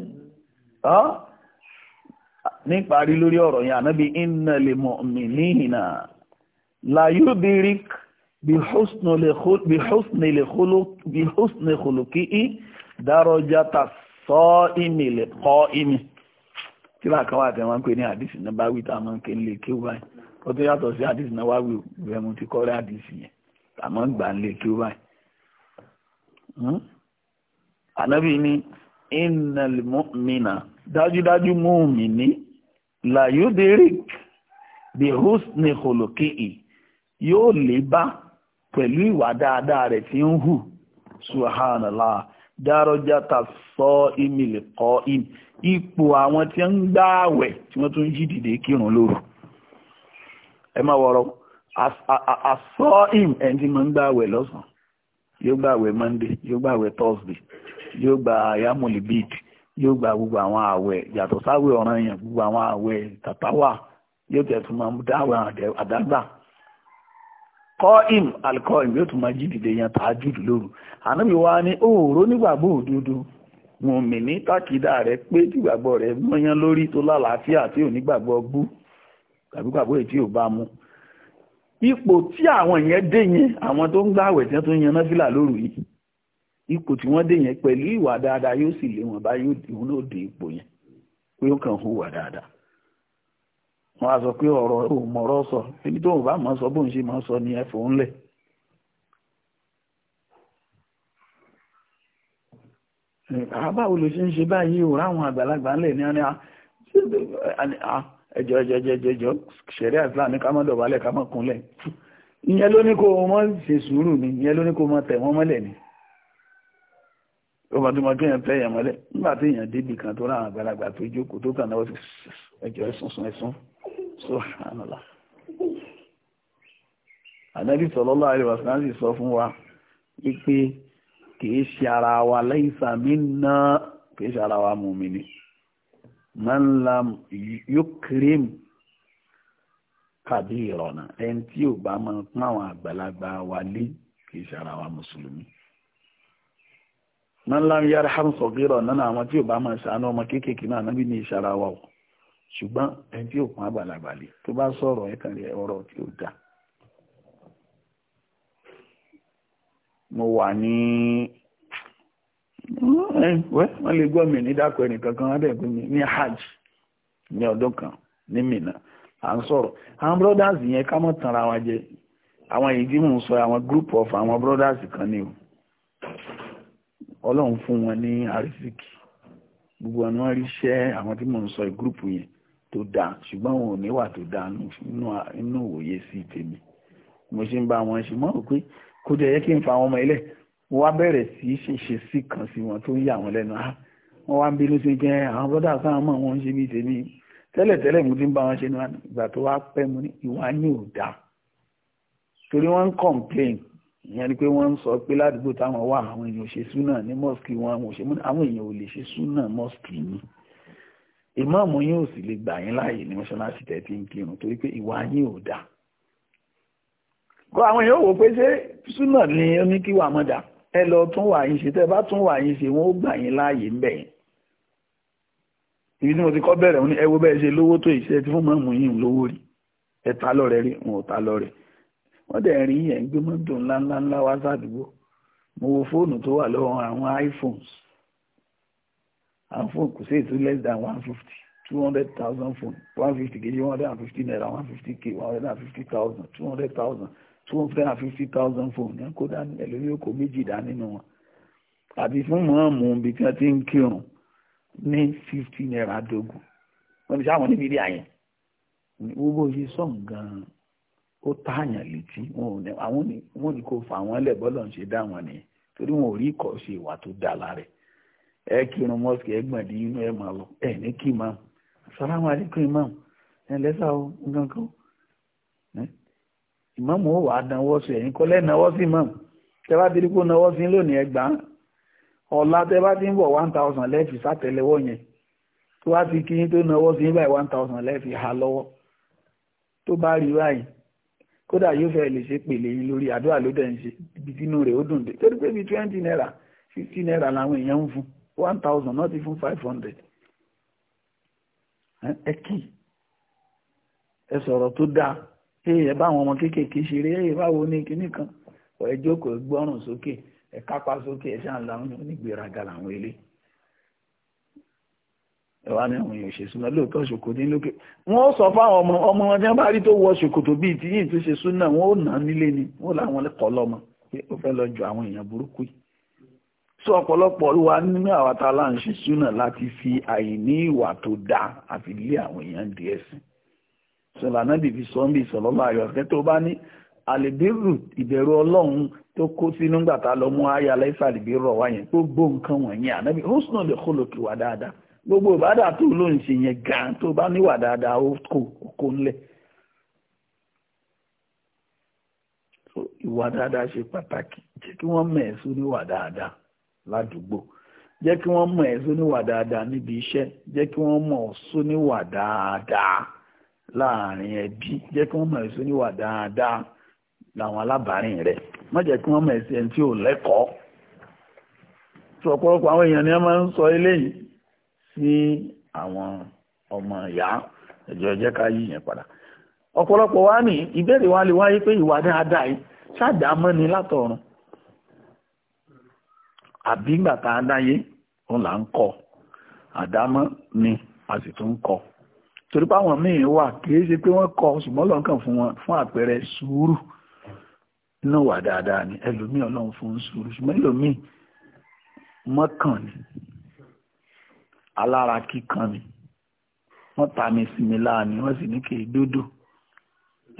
níparí lórí ọ̀rọ̀ yẹn ànábi innal mu'minina la yudirik bi husni khuluqihi darajata sọ́ìmì lè kọ́ ìmì tí bá kan wà tẹ́ wọ́n ń pè ní àdìsí náà bá wí tá a máa ń ké lè kí wáyé ó tún yàtọ̀ sí àdìsí náà wá wí rẹ̀ ti kọ́rẹ́ àdìsí yẹn tá a máa ń gbà ń lè kí wáyé. ni innal mu'mina dájúdájú mu'mini la yudirik bi husni yóò lè bá pẹ̀lú ìwà dáadáa rẹ̀ tin ń hù subhanallah dárọ́jà ta sọ ìmìlẹ̀ kọ́ ìm ipò àwọn tí ń gbá àwẹ̀ tí wọ́n tún yí dìde kírun lóru ẹ má wọ̀rọ̀ àsọ ìm ẹni tí máa ń gbá àwẹ̀ lọ́sàn yóò gbaa àwẹ̀ monday yóò gbaa àwẹ̀ thursday yóò bid yóò gba gbogbo àwọn àwẹ̀ yàtọ̀ sáwẹ̀ ọ̀ranyàn gbogbo àwọn àwẹ̀ tàtàwà yóò máa kọ́ìm alikọ́ìm yóò tún máa jí dìde yan tàájúdù lóru ànábì wa ní òòró nígbàgbọ́ òdodo mùmíní tákìdá rẹ̀ pé tìgbàgbọ́ rẹ̀ mọ́yán lórí tó lálàáfíà tí ò nígbàgbọ́ bú tàbí gbàgbọ́ èyí tí ò bá mu ipò tí àwọn yẹn dé yẹn àwọn tó ń gbàwẹ̀ tí wọ́n tó ń yan náfìlà lóru yìí ipò tí wọ́n dé yẹn pẹ̀lú ìwà dáadáa yóò sì lé wọn bá yóò dé ipò yẹn pé ó kàn hùwà dáadáa wọn á sọ pé ọ̀rọ̀ ò mọ̀rọ̀ sọ ibi tó ò bá mọ̀ sọ bóun ṣe mọ̀ sọ ni ẹ̀fọ́ ńlẹ̀. àbáwo ló ṣe ń ṣe báyìí ò ráwọn àgbàlagbà ńlẹ̀ ní ọ́nà ẹjọ́ ẹjọ́ ẹjọ́ ẹjọ́ ṣẹ̀rí àtìlá ní ká má dọ̀bálẹ̀ ká má kúnlẹ̀ ìyẹn ló ní kó mọ́ ṣe sùúrù ni ìyẹn ló ní kó mọ́ tẹ̀ wọ́n mọ́lẹ̀ ni ó bá tó mọ́ kí èèyàn tẹ́ èèyàn mọ́lẹ̀ nígbà tí èèyàn kan tó ráwọn àgbàlagbà tó jókòó tó kàn náà ẹjọ́ ẹ̀sùn ẹ̀sùn subhanallah ànábì sallallahu alaihi wasallam sọ fún wa wípé kìí ṣe ara wa laysa minna kìí ṣe ara wa mùmìnì man lam yukrim kàbí ìrọ̀nà ẹni tí ò bá máa pọ́n àwọn àgbàlagbà wa lé kìí ṣe ara wa mùsùlùmí man lam yarham sọ̀gírọ̀ nínú àwọn tí ò bá máa ṣàánú ọmọ kéékèèké náà nábì ní ìṣara ṣùgbọ́n ẹni tí òkun àgbàlagbàlè tó bá sọ̀rọ̀ ẹ̀kan rẹ̀ ọ̀rọ̀ tí ó dá. mo wà ní wọ́n lè gbọ́ mi ní dákọ̀ ẹnì kankan wọ́n dẹ̀ mi ní hajj ní ọdún kan ní Mínà à ń sọ̀rọ̀ àwọn brothers yẹn ká mọ̀ tanra wa jẹ àwọn èyí tí mò ń sọ àwọn group of àwọn brothers kan ni o ọlọ́run fún wọn ní àrísìkì gbogbo àwọn wọn ríṣẹ́ àwọn tí mò ń sọ group yẹn tó dáa ṣùgbọ́n wọn ò níwà tó dáa nínú òye sí tèmi mo ṣe ń bá wọn ṣe mọ́ pé kó jẹ́ yẹ kí n fa àwọn ọmọ ilẹ̀ mo wá bẹ̀rẹ̀ sí í ṣèṣe sí kan sí wọn tó ń yà wọn lẹ́nu ah, wọn wá ń bínú sí jẹ́ eh, àwọn bọ́dà sáwọn mọ̀ wọn ṣe bí tèmi tẹ́lẹ̀tẹ́lẹ̀ mo ti ń bá wọn ṣe ní ìgbà tó wá pẹ́ mu ní ìwà yín ò dáa torí wọ́n ń complain ìyẹn ni pé wọ́n ń sọ pé ládùúgbò táwọn wà àwọn èèyàn ò ṣe súnà ní mosque wọn àwọn èèyàn ò lè ṣe súnà mosque yìí ìmáàmù yín ò sì lè gbà yín láàyè ní mọ́ṣáláṣí tẹ̀tí ń kírun torí pé ìwà yín ò dáa kó àwọn èèyàn wò pé ṣé súnà ni ó ní kí wà mọ́ dà ẹ lọ tún wà yín ṣe tẹ́ bá tún wà yín ṣe wọ́n ó gbà yín láàyè ń bẹ̀ yín ibi tí mo ti kọ́ bẹ̀rẹ̀ ní ẹ wo bẹ́ẹ̀ ṣe lówó tó ìṣe tí fún mọ́mù yín lówó rí ẹ ta lọ́rẹ̀ rí wọn ò ta lọ́rẹ̀ wọ́n dẹ̀ rí yẹn gbé mọ́tò ńláńláńlá wá sádùúgbò mo wo fóònù tó wà lọ́wọ́ àwọn iPhones and phone kò sí ètò less than 150, 200,000 phone 150 fifty kejì one hundred and fifty naira one fifty k one hundred and fifty thousand two hundred phone ní kó dání ẹlòmíràn kò méjì dá nínú wọn àbí fún mọ́ọ̀mù ibi tí wọ́n ti ń kírun ní fifty naira dógún wọ́n ti sáwọn níbi ilé àyẹn gbogbo yìí sọ̀n gan-an ó tààyàn létí àwọn ni kò fà wọ́n lẹ̀ bọ́lọ̀ ń ṣe dá wọn nìyẹn torí wọn ò rí ìkọ̀ọ́ṣe ìwà tó dáa lára ẹ̀ ẹ kírun mọ́sìkì ẹ gbọ̀ndì inú ẹ máa lọ ẹ ní kí imam imam ẹ lẹ́sà nǹkan kan imam ó wàá náwó sí ẹ̀yìn kọ́lẹ́ sí imam tẹ bá ti kó sí lónìí ti ń bọ̀ one thousand lẹ́ẹ̀fì sátẹ̀lẹ́wọ́ yẹn tó wá kí tó one thousand lẹ́ẹ̀fì ha lọ́wọ́ tó bá rí báyìí kódà yóò fẹ́ lè ṣe pèlè yín ibi tínú rẹ̀ ó dùn twenty naira fifty naira làwọn èèyàn ń one thousand not even five hundred ẹ kì ẹ sọ̀rọ̀ tó dáa ẹ bá àwọn ọmọ kéékèèké ṣeré ẹ báwo ní kinní kan ẹ jókòó gbọ́rùn sókè ẹ kápá sókè ẹ ṣáà ń la oúnjẹ làwọn ní àwọn èèyàn ṣe súnà lóòótọ́ ṣòkòtò lókè wọ́n sọ fáwọn ọmọ ọmọ rí tó wọ ṣòkòtò bíi tí yìí tó ṣe súnà wọ́n ò ni wọ́n làwọn kọ́ lọ́mọ pé ó fẹ́ lọ ju àwọn so ọ̀pọ̀lọpọ̀ wa nínú àwọn tá a lá ń ṣe súnà láti fi àìní ìwà tó dáa àfi lé àwọn èèyàn di ẹ̀sìn sọlá náà bìbí sọ́ńbì sọ̀lọ́lá ayọ̀kẹ́ tó bá ní àlèbérù ìbẹ̀rù ọlọ́run tó kó sínú gbà tá a lọ mú ayé aláìsà àlèbérù ọ̀wá yẹn gbogbo nǹkan wọ̀nyí ànábì húsùnà lè kó lòkè wà dáadáa gbogbo ìbádà tó ló ń ṣe yẹn gan tó bá níwà dáadáa ó kó kó ńlẹ̀ ìwà dáadáa ṣe pàtàkì jẹ́ kí wọ́n mẹ̀ẹ́sù níwà dáadáa ládùúgbò jẹ́ kí wọ́n mọ̀ ẹ́ sóníwà dáadáa níbi iṣẹ́ jẹ́ kí wọ́n mọ̀ ọ́ sóníwà dáadáa láàrin ẹbí jẹ́ kí wọ́n mọ̀ ẹ́ sóníwà dáadáa làwọn alábàárín rẹ̀ má jẹ́ kí wọ́n mọ̀ ẹ́ sí ẹni tí ò lẹ́kọ̀ọ́ tí ọ̀pọ̀lọpọ̀ àwọn èèyàn ni wọ́n máa ń sọ eléyìí sí àwọn ọmọ ìyá ẹ̀jọ̀ jẹ́ ká yí yẹn padà ọ̀pọ̀lọpọ̀ wa ní ìbéèrè wa lè wáyé pé ìwà dáadáa yìí ṣáàdá mọ́ni látọ̀run àbí ìgbà tá a dáyé òun là ń kọ àdámọ́ ni a sì tún ń kọ torí páwọn míì wà kìí ṣe pé wọ́n kọ ṣùgbọ́n lọ́nkàn fún wọn fún àpẹẹrẹ sùúrù iná wà dáadáa ni ẹlòmíì ọlọ́run fún sùúrù ṣùgbọ́n ẹlòmíì mọ́kàn ni alára kíkan ni wọ́n ta mi sí mi láà wọ́n sì ní kì í dúdú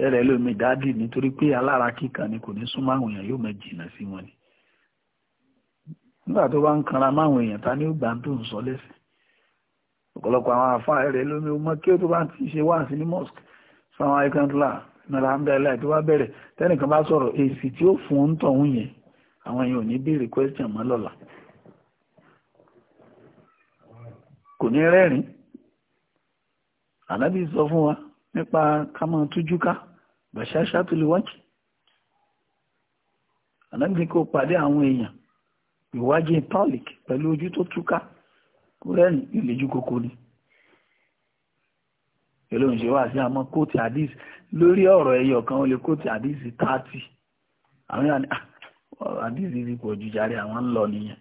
ẹ̀rẹ̀ lómi dádì nítorí pé alára kíkan ni kò ní súnmọ́ àwọn èèyàn yóò máa jìnnà sí wọn ni nígbà tó bá ń kanra máwọn èèyàn ta ní ìgbà tó ń sọ lẹ́sìn ọ̀pọ̀lọpọ̀ àwọn àfáà rẹ̀ lómi ọmọ kí ó tó bá ti ṣe wá sí ní mosque sáwọn aikantla nàlàmbẹ́lá tó bá bẹ̀rẹ̀ tẹ́nìkan bá sọ̀rọ̀ èsì tí ó fún ń tọ̀hún yẹn àwọn èèyàn ò ní béèrè question mọ́ lọ́la kò ní rẹ́rìn ànábì sọ fún wa nípa ká máa tújú ká bàṣáṣá tó lè wájú ànábì kò pàdé àwọn èèyàn ìwájú tọ́lìk pẹ̀lú ojú tó túká kúrẹ́nì ìlẹ́jú kókó ni pẹ̀lú òun ṣe wá sí àmọ́ kóòtù hadith lórí ọ̀rọ̀ ẹyọ kan ó lè kóòtù hadith tààtì àwọn yàrá ah, hadith ti pọ̀ ju jàre àwọn ń lọ nìyẹn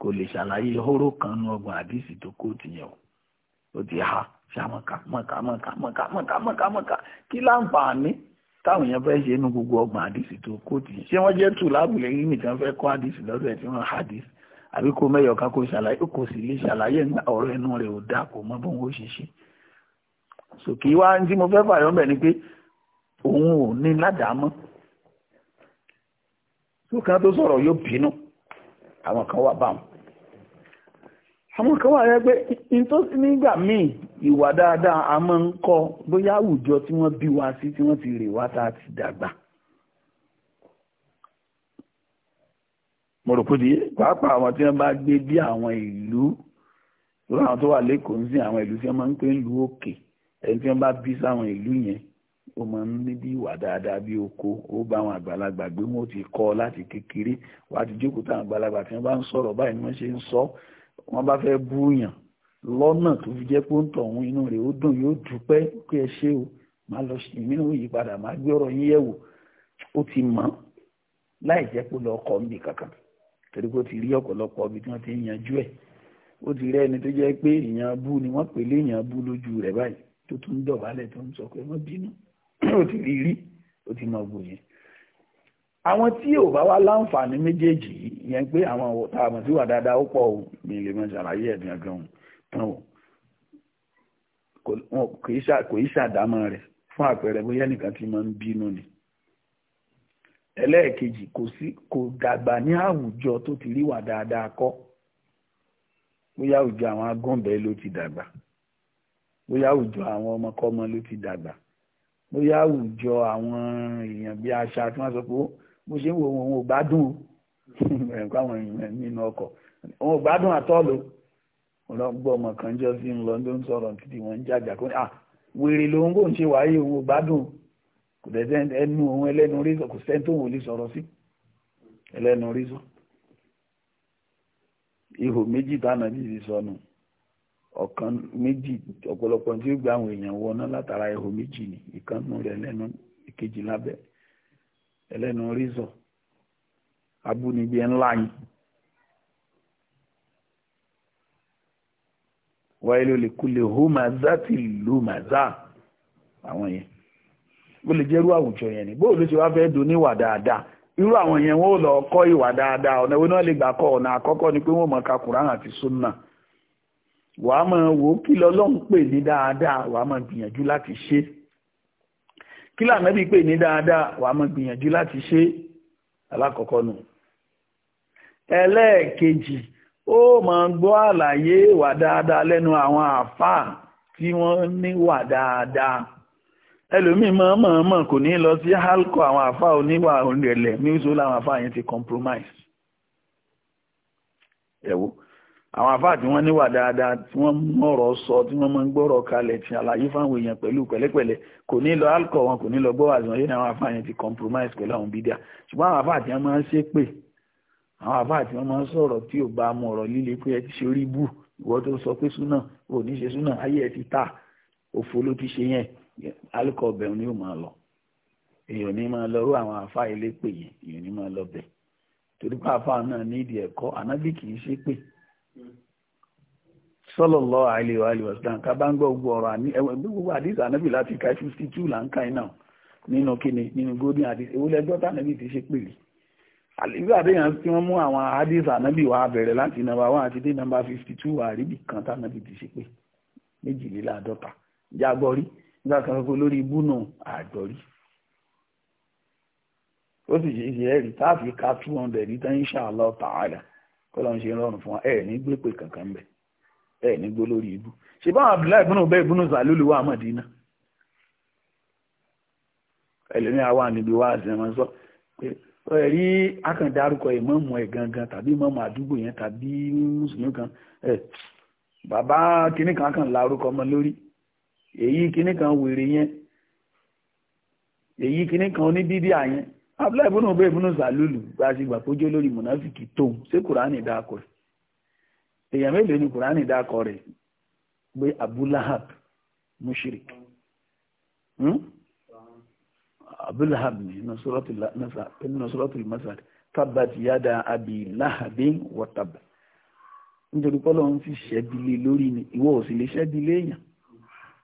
kò lè ṣàlàyé hóró kan nu ọgbọ̀n hadith tó kóòtù yẹn o ó ti ha ṣàmọ̀ká mọ̀ká mọ̀ká mọ̀ká mọ̀ká mọ̀ká mọ̀ká kí láǹfààní táwọn èèyàn fẹ́ ṣe inú gbogbo ọgbọ̀n àdìsí tó kó tì ṣé wọ́n jẹ́ tù lábùlẹ̀ yìí nìkan fẹ́ kọ́ àdìsí lọ́dọ̀ ẹ̀ tí wọ́n àdìsí àbí kó mẹ́yọ̀ ká kó ṣàlàyé kò sì lè ṣàlàyé ọ̀rọ̀ ẹnu rẹ̀ ò dáa kò mọ bóun ó ṣe ṣe sòkè wá ní tí mo fẹ́ fààyàn bẹ̀ ni pé òun ò ní ládàámọ́ tó kan tó sọ̀rọ̀ yóò bínú àwọn kan wà báwọn àwọn kan wà rẹ pé in tó sí nígbà míì ìwà dáadáa a máa ń kọ́ bóyá àwùjọ tí wọ́n bí wa sí tí wọ́n ti rè wá tá a ti dàgbà mo rò pé pàápàá àwọn tí wọ́n bá gbé bí àwọn ìlú lórí àwọn tó wà lẹ́kọ̀ọ́ ń sìn àwọn ìlú tí wọ́n máa ń pè ń lu òkè ẹni tí wọ́n bá bí sáwọn ìlú yẹn ó máa ń ní bí ìwà dáadáa bí oko ó bá àwọn àgbàlagbà gbé wọn ti kọ́ láti kékeré wà ti jókòó táwọn àgbàlagbà tí wọ́n bá ń sọ̀rọ̀ báyìí ni wọ́n ṣe ń sọ wọ́n bá fẹ́ búyàn lọ́nà tó fi jẹ́ pé ó ń tọ̀hún inú rẹ̀ ó dùn yóò dúpẹ́ pé ẹ ṣé o máa lọ sí ìmínú yìí padà máa gbé ọ̀rọ̀ yín yẹ̀wò ó ti mọ̀ láì jẹ́ pé lọ́ọ́ kọ́ níbi kankan torí pé ó ti rí ọ̀pọ̀lọpọ̀ ibi tí wọ́n ti ń yanjú ẹ̀ ó ti rí ẹni tó jẹ́ pé èèyàn bú ni wọ́n pè lé èèyàn bú lójú rẹ̀ báyìí tó tún dọ̀bálẹ̀ tó ń sọ pé wọ́n bínú ó ti rí rí ó ti mọ̀ gbòyìn àwọn tí ò bá wá láǹfààní méjèèjì yẹn pé àwọn ọ̀tá àmọ̀ tí wà dáadáa ó pọ̀ mi lè mọ ṣàlàyé ẹ̀dùn ẹ̀gbọ́n tán o kò í ṣàdámọ́ rẹ̀ fún àpẹẹrẹ bóyá nìkan tí máa ń bínú ni ẹlẹ́ẹ̀kejì kò sí kò dàgbà ní àwùjọ tó ti rí wà dáadáa kọ́ bóyá àwùjọ àwọn agọ́ǹbẹ̀ẹ́ ló ti dàgbà bóyá àwùjọ àwọn ọmọkọ́mọ ló ti dàgbà bóyá àwùjọ àwọn èèyàn bí aṣa tí wọ́n sọ pé mo ṣe ń wo wọn ò gbádùn ẹ̀kọ́ àwọn èèyàn nínú ọkọ̀ wọn ò gbádùn àtọ́lò ọlọ́gbọ́ ọmọ kan jọ sí ńlọ ló ń sọ̀rọ̀ títí wọn ń jàjà kó ní à wèrè lòun kò ń ṣe wáyé òun ò gbádùn kò dẹ̀ ẹnu òun ẹlẹ́nu rí kò sẹ́ni tó wò lè sọ̀rọ̀ sí ẹlẹ́nu rí ihò méjì tánà bí ti sọnù ọ̀kan méjì ọ̀pọ̀lọpọ̀ tí ó gba àwọn èèyàn wọná látara ihò méjì ni ìkan rẹ̀ lẹ́nu ìkejì lábẹ́ ẹlẹ́nu rízọ̀ abúnigbé ńlá yìí wáyé ló lè kú lè hómazá ti lò màzá àwọn yẹn ó lè jẹ́rú àwùjọ yẹn ni bóòlù ti wá fẹ́ dùn níwà dáadáa irú àwọn yẹn wọ́n ò lọ kọ́ ìwà dáadáa ọ̀nà ìwé náà lè gbà kọ́ ọ̀nà àkọ́kọ́ ni pé wọ́n mọ̀ ka Kùránì àti súnà wàá mọ̀ wò ó kí lọ́lọ́run pè ní dáadáa wàá mọ̀ gbìyànjú láti ṣe é kí lànàbí pè ní dáadáa wà á mọ gbìyànjú láti ṣe alákọ̀ọ́kọ́ nù ẹlẹ́ẹ̀kejì ó máa gbọ́ àlàyé wà dáadáa lẹ́nu àwọn àfáà tí wọ́n ní wà dáadáa ẹlòmíì máa mọ̀ mọ̀ kò ní lọ sí halkọ àwọn àfáà oníwà òǹdẹ̀lẹ̀ ní ìṣó làwọn àfáà yẹn ti compromise ẹ̀wọ́ àwọn àfáà tí wọ́n níwà dáadáa tí wọ́n mọ̀rọ̀ sọ tí wọ́n máa ń gbọ́rọ̀ kalẹ̀ tí àlàyé fáwọn èèyàn pẹ̀lú pẹ̀lẹ́pẹ̀lẹ́ kò ní lọ alkọ wọn kò ní lọ gbọ́ àzùn yóò ní àwọn àfáà yẹn ti compromise pẹ̀lú àwọn bídíà ṣùgbọ́n àwọn àfáà tí wọ́n máa ń ṣe pé àwọn àfáà tí wọ́n máa ń sọ̀rọ̀ tí ò bá mu ọ̀rọ̀ líle pé ẹ ti ṣe orí bù ìwọ tó sọ pé súnà ò ní ṣe súnà ayé ẹ ti ta òfo ló ti ṣe yẹn alkọ bẹ̀rù ni ó máa lọ èèyàn ní máa lọ rú àwọn àfáà ilé pè sallallahu alaihi wa alihi wasallam ká bá ń gbọ́ gbogbo ọ̀rọ̀ àní ẹ̀wọ̀n gbogbo àdìs ànábì láti ka fifty two là ń ka iná nínú kíni nínú golden àdìs ewúlẹ̀ gbọ́tà ànábì ti ṣe pèlè àlejò àdéhàn tí wọ́n mú àwọn àdìs ànábì wà bẹ̀rẹ̀ láti nọ́mbà one àti dé nọ́mbà fifty two wà rí bí kan tá ànábì ti ṣe pè méjìléláàádọ́ta jágbọ́rí nígbà kan kó lórí ibú náà àgbọ̀rí ó sì ṣe ṣe ẹ̀rí táàfì ká two hundred ní tán insha Allah ta'ala kó lọ́n ṣe rọrùn fún ẹ̀ ní gbépè kankan bẹ́ẹ̀. ẹ̀ nígbó lórí ibu ṣe báwọn abdullahi ibùnú bẹ́ẹ̀ ibùnú zàlúlù wà mọ̀dínà ẹlẹ́ni àwa níbi wá àzẹ̀mọ́ sọ pé ẹ̀rí akàndarúkọ ìmọ̀mù ẹ̀ gangan tàbí ìmọ̀mù àdúgbò yẹn tàbí mùsùlùmí kan ẹ̀ bàbá kinní kan kàn lárúkọ ọmọ lórí èyí kinní kan wèrè yẹn èyí kinní kan oníbíbí àyẹn abdullahi ibùnú bẹ́ẹ̀ ibùnú zàlúlù gbàṣìgbà lórí tóun ṣé kùránì dáa èèyàn mélòó ni kùránì dákọ rẹ̀ pé abúláhàb mushrik abúláhàb ní nasaratul masad tabbat yada abi lahabin watab nítorí pọ́lọ́ ń fi ṣẹ́bílé lórí ni ìwọ ò sì lè ṣẹ́bílé èèyàn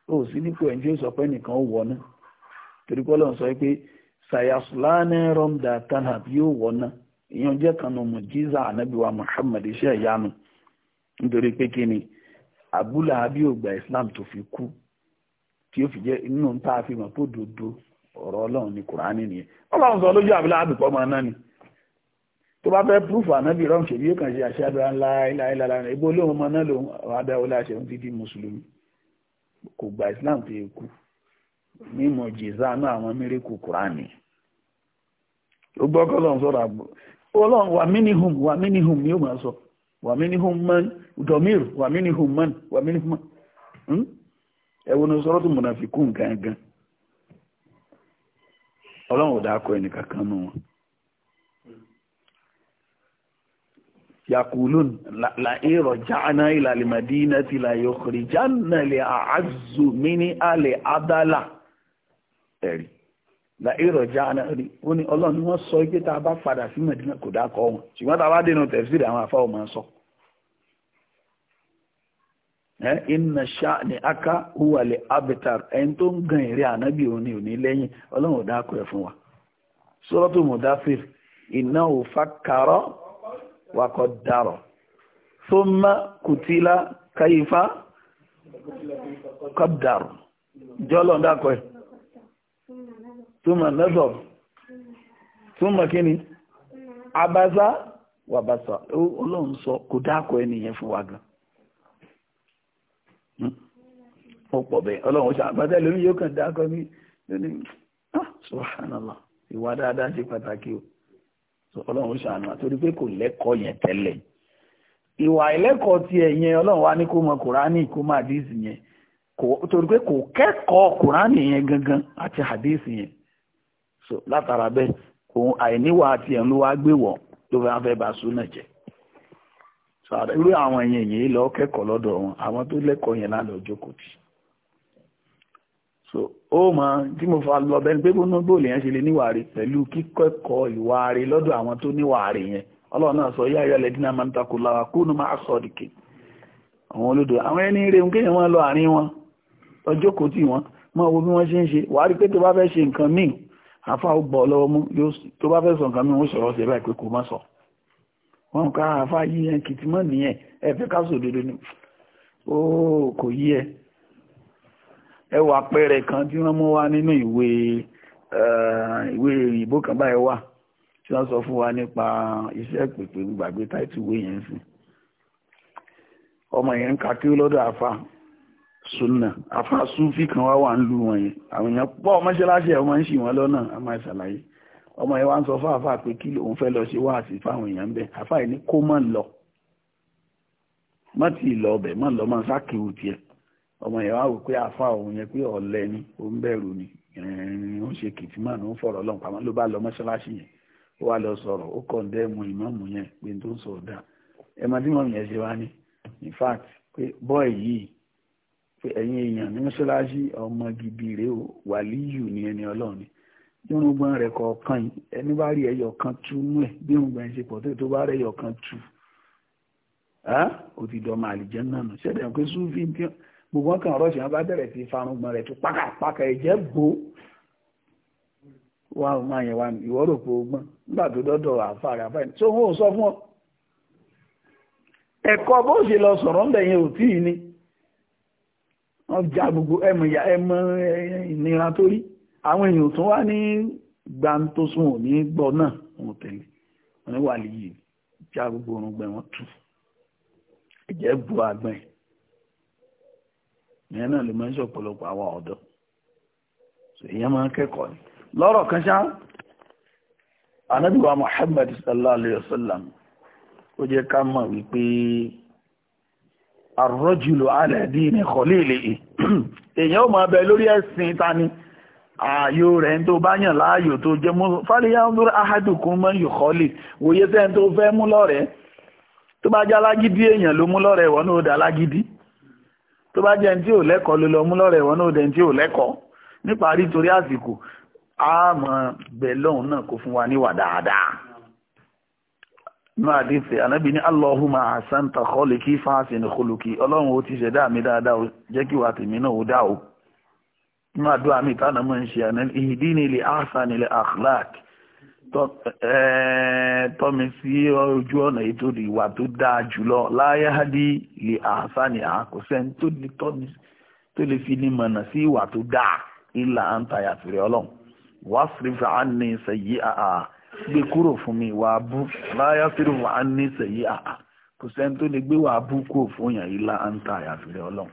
ó sì nípò ẹni tí ó sọ pé nìkan ó wọ̀ náà torí pọ́lọ́ ń sọ pé sayasulane romda tanab yóò wọ̀ náà ìyẹn jẹ́ kanu mujiza anabiwa muhammad iṣẹ́ ìyanu nítorí pé kí ni abúlé àbí ògbà islam tó fi kú tí ó fi jẹ́ inú tá a fi mọ̀ pé òdodo ọ̀rọ̀ ọlọ́run ní kùránì nìyẹn ọlọ́run sọ lójú àbúlé àbí pọ́mọ náà ni tó bá fẹ́ púrúfù ànábì rọ́m ṣèbí yóò kàn ṣe àṣàdùn ńlá ìlàìlàlà rẹ̀ ibo lóun ọmọ náà lòun àdá oláṣẹ ń dídí mùsùlùmí kò gba islam tó yẹ kú mímọ̀ jìzá náà àwọn mérekù kùránì ó gbọ́ kọ́ lọ́run sọ̀rọ̀ àgbò ọlọ́run ni ó sọ ومنهم من ضمير ومنهم من ومنهم من ẹwọ́n sọ́rọ́ tó mọ̀nàfikún gangan ọlọ́run ò dákọ̀ ẹni kankan nù wọn yakulun la'irọ̀ jáàná ìlàlẹ̀ madina ti la yọkùnrin jáàná lè àázù mí ní alẹ́ adala ẹ̀rí láìrọ̀ já náà rí ó ní ọlọ́run ni wọ́n sọ ike tá a bá padà sí mẹ̀dínà kò dákọ̀ wọn ṣùgbọ́n tá a bá dénú tẹ̀síìrì àwọn afá ò máa sọ. ẹ iná ṣá ni aká huwalẹ̀ abitar ẹni tó ń gan ìrẹ́ ànábì òní òní lẹ́yìn ọlọ́run ò dákọ̀ ẹ̀ fún wa. sọ́rọ́tò mọ̀dáfíìr iná ò fa kàrọ́ wakọ̀ dàrọ̀ thumma kùtìlá kàyífà kọ́ dàrọ̀ jọ́lọ́ dákọ̀ ẹ̀. túnmọ̀ nẹ́bọ̀ túnmọ̀ kí ni abasa wàbasa olóhùn sọ kò dákọ̀ ẹnìyẹn fún wa gan hmm? ó pọ̀ bẹ́ẹ̀ ọlọ́run ṣe àgbàtà lórí yóò kàn dákọ̀ ní lórí ah, subhanallah ìwà dáadáa ṣe pàtàkì o sọ ṣàánú àtorí pé kò lẹ́kọ̀ọ́ yẹn tẹ́lẹ̀ ìwà ẹlẹ́kọ̀ọ́ ti ẹ̀yẹn ọlọ́run wá ní kó mọ kùránì kó mọ àdíìsì yẹn torí pé kò kẹ́kọ̀ọ́ kùránì yẹn gangan àti yẹn so látara bẹ́ẹ̀ òun àìníwà àti ẹ̀rù wa gbé wọ̀ tó fẹ́ fẹ́ bá súnà jẹ́ so irú àwọn èèyàn yìí lọ kẹ́kọ̀ọ́ lọ́dọ̀ wọn àwọn tó lẹ́kọ̀ọ́ yẹn lálẹ́ ọjọ́ kò tí so ó mọ tí mo fa lọ bẹ́ni pé bóná bóòlù yẹn ṣe lè níwà rí pẹ̀lú kíkẹ́kọ̀ọ́ ìwà rí lọ́dọ̀ àwọn tó níwà rí yẹn ọlọ́run náà sọ yá ayọ́lẹ̀ dínà máa ń takò lára kúnnù máa sọ dìkì àwọn olódò àwọn ẹni rè ń kéèyàn wọn lọ àárín wọn ọjọ́ kò tí wọn mọ wo bí wọ́n ṣe ń ṣe wàá rí pé tó bá fẹ́ ṣe nǹkan míì àfà ó gbọ́ lọ́wọ́ mú tó bá fẹ́ sọ nǹkan mi wọ́n sọ̀rọ̀ sí ẹ̀ báyìí pé kò má sọ wọn ká ah, àfà yí ẹ kìtì mọ́ nìyẹn ẹ fẹ́ ká sòdodo ni ó kò yí ẹ ẹ wà pẹ̀rẹ̀ kan tí wọ́n mú wá nínú ìwé eh, ìwé ìbò kan báyìí wà tí wọ́n sọ fún wa nípa iṣẹ́ pèpè gbàgbé táìtì ìwé yẹn sí ọmọ yẹn ń ka kí lọ́dọ̀ àfà sunna afa sufi kan wá wà ń lu wọn yẹn àwọn èèyàn pọ̀ mọ́ṣáláṣí ẹ̀ wọ́n ń ṣì wọ́n lọ́nà a máa ṣàlàyé ọmọ yẹn wá ń sọ fún àfa pé kí lòun fẹ́ lọ ṣe wáàsí fáwọn èèyàn bẹ́ẹ̀ àfa yìí ní kó mọ̀ lọ mọ́ ti lọ ọbẹ̀ mọ́ lọ mọ́ sákìwù tiẹ̀ ọmọ yẹn wá wò pé àfa òun yẹn pé ọ̀lẹ ni ó ń bẹ̀rù ni ìrìn ó ń ṣe kìtìmọ̀ ló ń fọ̀rọ̀ lọ́n pamọ́ ló bá lọ mọ́ṣáláṣí yẹn ó wá lọ sọ̀rọ̀ ó kàn dẹ́mu ìmọ̀mù yẹn pé tó ń sọ̀rọ̀ dáa ẹ̀ máa tí mọ̀mù yẹn ṣe wá ní in fact pé bọ́ọ̀ yìí pé ẹ̀yin èèyàn ní mọ́ṣáláṣí ọmọ gidi rèé o wàlíyù ni ẹni ọlọ́run ni irùngbọ̀n rẹ̀ kọ̀ọ̀kan yìí ẹni bá rí ẹyọ kan tú nú ẹ̀ bí irùngbọ̀n ẹ̀ ṣe pọ̀ tó tó bá rí ẹyọ kan tú ó ti dọ̀ máa lìjẹ́ náà nù ṣẹ̀dá pé súnfì tí gbogbo ọkàn rọ́ọ̀ṣì wọn bá bẹ̀rẹ̀ sí farungbọ̀n rẹ̀ tó pákàpákà ẹ̀jẹ̀ bò wá ọmọ yẹn wá ìwọ rò pé ogbọ́n nígbà tó dọ́dọ̀ àfa rẹ̀ tó ń sọ fún ọ ẹ̀kọ́ bó ṣe lọ sọ̀rọ̀ ń bẹ̀yẹn ò tíì ni já gbogbo ẹmọ ìyá ẹmọ ìnira tó rí àwọn èèyàn tó wá ní gbàntósùn ò ní gbọ́ náà wọn tẹ̀lé wọn ní wàlí yìí já gbogbo orun gbẹ wọn tù ẹ̀jẹ̀ bu àgbọn ìyẹn náà ló máa ń ṣe ọ̀pọ̀lọpọ̀ àwọn máa ń Muhammad sallallahu alayhi wa sallam àrọ́jùlọ alẹ́dí ní kọ̀lẹ́lẹ́ èèyàn ó máa bẹ lórí ẹ̀sìn tani ààyò rẹ̀ tó bá yàn láàyò tó jẹ́ mú fàlíyàndúrà ahadùkún mọ́ yìí kọ́lẹ̀ wòye sẹ́ni tó fẹ́ mú lọ́rẹ̀ẹ́ tó bá jẹ́ alágídí èèyàn ló mú lọ́rẹ̀ẹ́ wọ́n náà dá alágídí tó bá jẹ́ tí ò lẹ́kọ̀ọ́ ló lọ mú lọ́rẹ̀ẹ́ wọ́n náà dẹ̀ tí ò lẹ́kọ̀ọ́ níparí torí àsìkò àmọ́ bẹ̀ lọ́hùn náà kó fún wa níwà dáadáa nínú àdífẹ anábì ní allahumma ahsanta khaliki fásin khuluki ọlọ́run ó ti ṣẹ̀dá mi dáadáa ó jẹ́ kí wàá tèmi náà ó dá o nínú àdúrà mi tánà mọ́ ń ṣe àná ihdini li ahsani li akhlaq tọ́mi eh, sí ojú ọ̀nà ètò ìwà tó dáa jùlọ láyáhádì li ahsani àkọsẹ́ni tó lè tọ́ni tó lè fi ní mọ̀nà sí ìwà tó dáa ìlà àǹtà yàtìrẹ́ ọlọ́run wàá gbé kúrò fún mi ìwà bú láyá sírò wà á ní sẹ̀yí àá kò sẹ́ni tó lè gbé wà abú kúrò fún yàn yìí ọlọ́run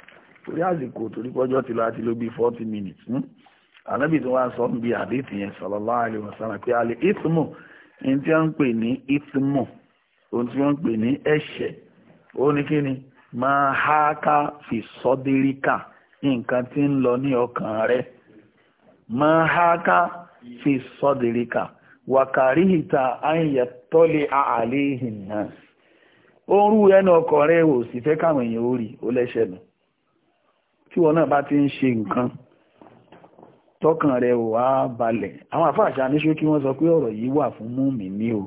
torí àsìkò torí pọ́jọ́ ti láti ló bí forty minutes hmm? ànábì tó sọ ń bi àdéhùn yẹn sallallahu alaihi wasallam pé ní tí wọ́n ń pè ní ohun tí wọ́n ń wàkàríhìta àyẹ̀tọ́lẹ̀ àhàlẹ́hìn náà ó ń rú ẹnu ọkọ̀ rẹ̀ ò sì fẹ́ káwọn èèyàn ó rí ó lẹ́ṣẹ̀ nù tí wọn náà bá ti ń ṣe nǹkan tọkàn rẹ̀ ò wá balẹ̀ àwọn àfáàṣà níṣó kí wọ́n sọ pé ọ̀rọ̀ yìí wà fún múmi ní o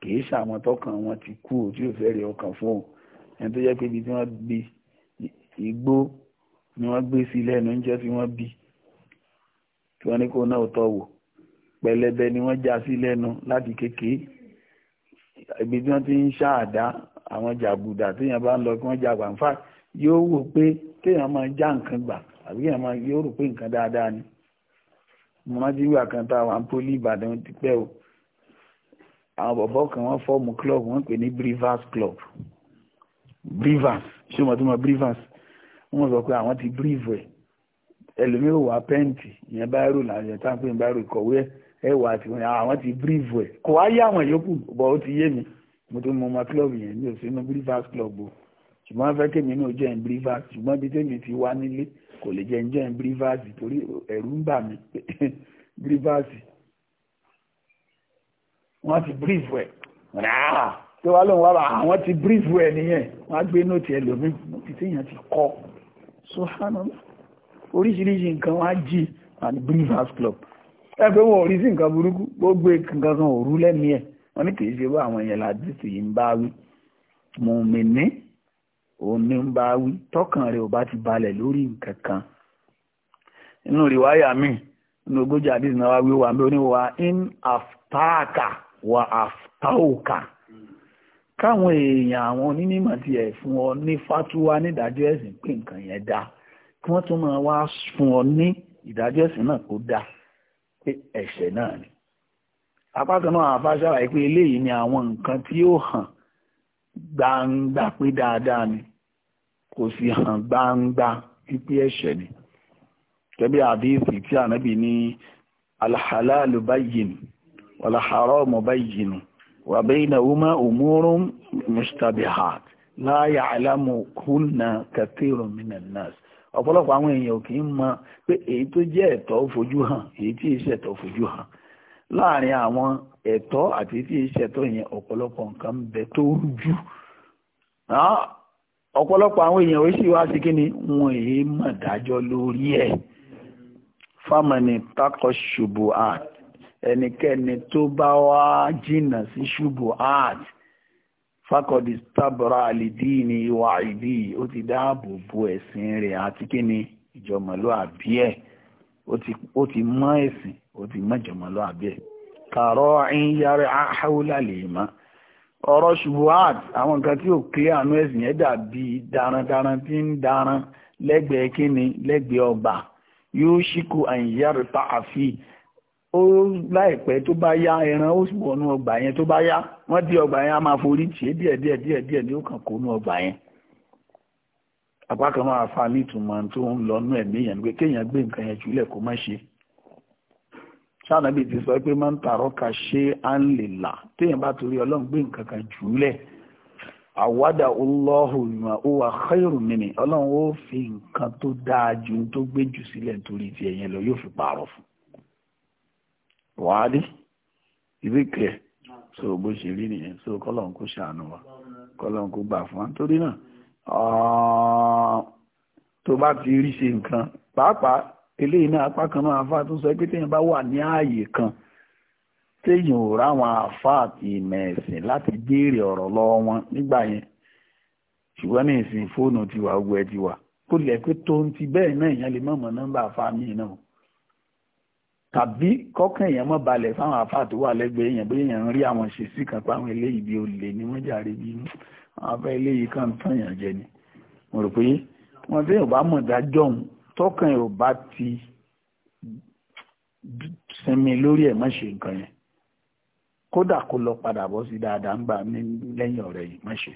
kìí ṣàwọn tọkàn wọn ti kú o tí ò fẹ́ rí ọkàn fún o ẹni tó jẹ́ pé ibi tí wọ́n gbé igbó ni wọ́n gbé sí lẹ́nu oúnjẹ tí wọ́n bí tí wọ́n ní kó náà tọ́ pẹlẹbẹ ni wọ́n já sí lẹ́nu láti kékeré ibi tí wọ́n ti ń ṣáàdá àwọn jàgùdà téèyàn bá ń lọ kí wọ́n jàgbà ń fà yóò wò pé téèyàn máa já nǹkan gbà àbí kéèyàn máa yóò rò pé nǹkan dáadáa ni mo rántí ìgbà kan tá àwọn poli Ìbàdàn ti pẹ́ o àwọn bọ̀bọ̀ kan wọ́n fọ́ọ̀mù club wọ́n pè ní brivers club brivers ṣé mo tún mọ brivers wọ́n sọ pé àwọn ti brive ẹ̀ ẹlòmíràn wà pẹ́ǹtì ìyẹn báírò làwọn ìyẹn táwọn pè ní báírò ìkọ̀wé ẹ̀ ẹwà àti wọn àwọn ah, ti bírífù ẹ̀ kò wá yá àwọn yòókù bọ̀ ó ti yé mi mo tún mọ ọmọ kílọ̀bù yẹn mi ò sínú bírífàs kílọ̀bù o ṣùgbọ́n fẹ́ kémi náà jẹ́ bírífàs ṣùgbọ́n bí tèmi ti wá nílé kò lè jẹ́ jẹ́ bírífàs torí ẹ̀rù ń bà mí bírífàs wọ́n ti bírífù ẹ̀ tó ah, wá lóun wá bá àwọn ah, ti bírífù ẹ̀ nìyẹn wọ́n á gbé nóòtì ẹlòmíì nóòtì téèyàn ti kọ́ sọ́hánà oríṣiríṣi nǹkan wọ́n á jí àti bírífàs club ẹ pé wọn ò rí sí nǹkan burúkú gbogbo nǹkan kan ò rú lẹ́mí ẹ̀ wọ́n ní kì í ṣe bá àwọn èèyàn ládìsí yìí ń bá wí mùmìnì òní ń bá wí tọkàn rẹ̀ ò bá ti balẹ̀ lórí nǹkan kan inú rìwáyà míì inú ogójì àdìsí náà wá wí wà mí oníwà in aftaaka wà aftaoka káwọn èèyàn àwọn onímọ̀ ti ẹ̀ fún ọ ní fatuwa nídàájọ́ ẹ̀sìn pé nǹkan yẹn dáa kí wọ́n tún máa wá fún ọ ní ìdájọ́ ẹ̀sìn náà kó dáa pé ẹ̀ṣẹ̀ náà ni apá kan náà àfa ṣàlàyé pé eléyìí ni àwọn nǹkan tí ó hàn gbangba pé dáadáa ni kò sì hàn gbangba pípé ẹ̀ṣẹ̀ ni kẹbí àdéhìsì tí ànábì ní alhalalu bayyin walharamu bayyin wa baynahuma umurun mushtabihat la ya'lamuhunna kathirun minan nas ọ̀pọ̀lọpọ̀ àwọn èèyàn ò kì í mọ pé èyí tó jẹ́ ẹ̀tọ́ fojú hàn èyí tí ìṣe ẹ̀tọ́ fojú hàn láàrin àwọn ẹ̀tọ́ àti tí ìṣe ẹ̀tọ́ yẹn ọ̀pọ̀lọpọ̀ nǹkan ń bẹ tó rújú ọ̀pọ̀lọpọ̀ àwọn èèyàn ò sì wá sí kíni wọn èyí mọ̀ dájọ́ lórí ẹ̀ fámọ́nì takọ̀ ṣubú art ẹnikẹ́ni tó bá wá jìnnà sí ṣubú art fakọ̀dì tábọ̀rọ̀ alidini ni ìwà ìdí ó ti dáàbò bo ẹ̀sìn rẹ̀ àti kí ni ìjọmọ̀lú àbí ẹ̀ ó ti mọ́ ẹ̀sìn ó ti mọ́ ìjọmọ̀lú àbí ẹ̀ kàrọ̀ ń yára àháúlà lè mọ́ ọ̀rọ̀ ṣubuhat àwọn nǹkan tí ò clear àánú ẹ̀sìn yẹn dàbí darandaran tí ń daran lẹ́gbẹ̀ẹ́ kí ni lẹ́gbẹ̀ẹ́ ọba yóò ṣíkù àyíyára tá a fi ó láìpẹ́ tó bá yá ẹran ó wọnú ọgbà yẹn tó bá yá wọ́n di ọgbà yẹn a máa forí tì díẹ̀ díẹ̀ díẹ̀ díẹ̀ ní ó kàn kó ọgbà yẹn apá kan fa ní ìtumọ̀ tó ń lọ nú ẹ̀mí yẹn pé kéèyàn gbé nǹkan yẹn jùlẹ̀ kó ṣe ti sọ pé máa ń ka ṣe à ń lè là téèyàn bá torí ọlọ́run gbé nǹkan kan jùlẹ̀ àwádà fi nǹkan tó dáa ju tó gbé jù sílẹ̀ nítorí lọ yóò so bó ṣe rí nìyẹn so kọ́lọ́n kó ṣàánú wa kọ́lọ́n kó gbà fún wa torí náà ah, tó bá ti rí ṣe nǹkan pàápàá eléyìí náà apá kan náà àfáà tó sọ pé téèyàn bá wà ní ààyè kan téèyàn ò ráwọn àfáà ti ìmọ̀ ẹ̀sìn láti béèrè ọ̀rọ̀ lọ́wọ́ wọn nígbà yẹn ṣùgbọ́n ní ìsìn fóònù tiwa ogun ẹ ti kó lẹ̀ pé tó ti bẹ́ẹ̀ náà ìyẹn lè mọ̀mọ́ nọ́mbà àfáà míì náà tàbí kọ́kàn èèyàn mọ́ balẹ̀ fáwọn àfáà tó wà lẹ́gbẹ̀ẹ́ èèyàn bóyá èèyàn ń rí àwọn ṣèṣì kan pa àwọn eléyìí bí olè ni wọ́n jàre bí inú àwọn afẹ́ eléyìí kan tán èèyàn jẹ ni mo rò pé wọn tí yorùbá mọ̀ dájọ́ òun tọ́kàn yorùbá ti sinmi lórí ẹ̀ má ṣe nǹkan yẹn kódà kó lọ padà bọ́ sí dáadáa ń gbà ní lẹ́yìn ọ̀rẹ́ yìí má ṣe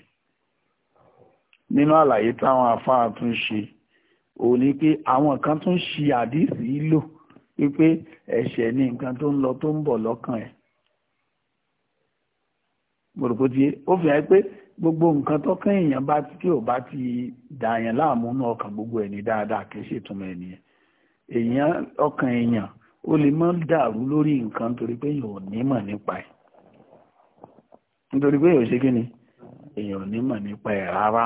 nínú àlàyé táwọn afáà tún ṣe òun ni pé àwọn kan tún ṣe àdìsí lò wípé ẹ̀ṣẹ̀ ni nǹkan tó ń lọ tó ń bọ̀ lọ́kàn ẹ̀ gbòdògbòdì ó fi hàn pé gbogbo nǹkan tọ́kàn èèyàn bá ti tí ò bá ti dààyàn láàmú nú ọkàn gbogbo ẹni dáadáa kì í ṣètumọ̀ ẹnìyẹn èèyàn ọkàn èèyàn ó lè má dàrú lórí nǹkan torí pé èèyàn ò nímọ̀ nípa ẹ̀ nítorí pé èèyàn ò ṣe kí ni èèyàn ò nímọ̀ nípa ẹ̀ rárá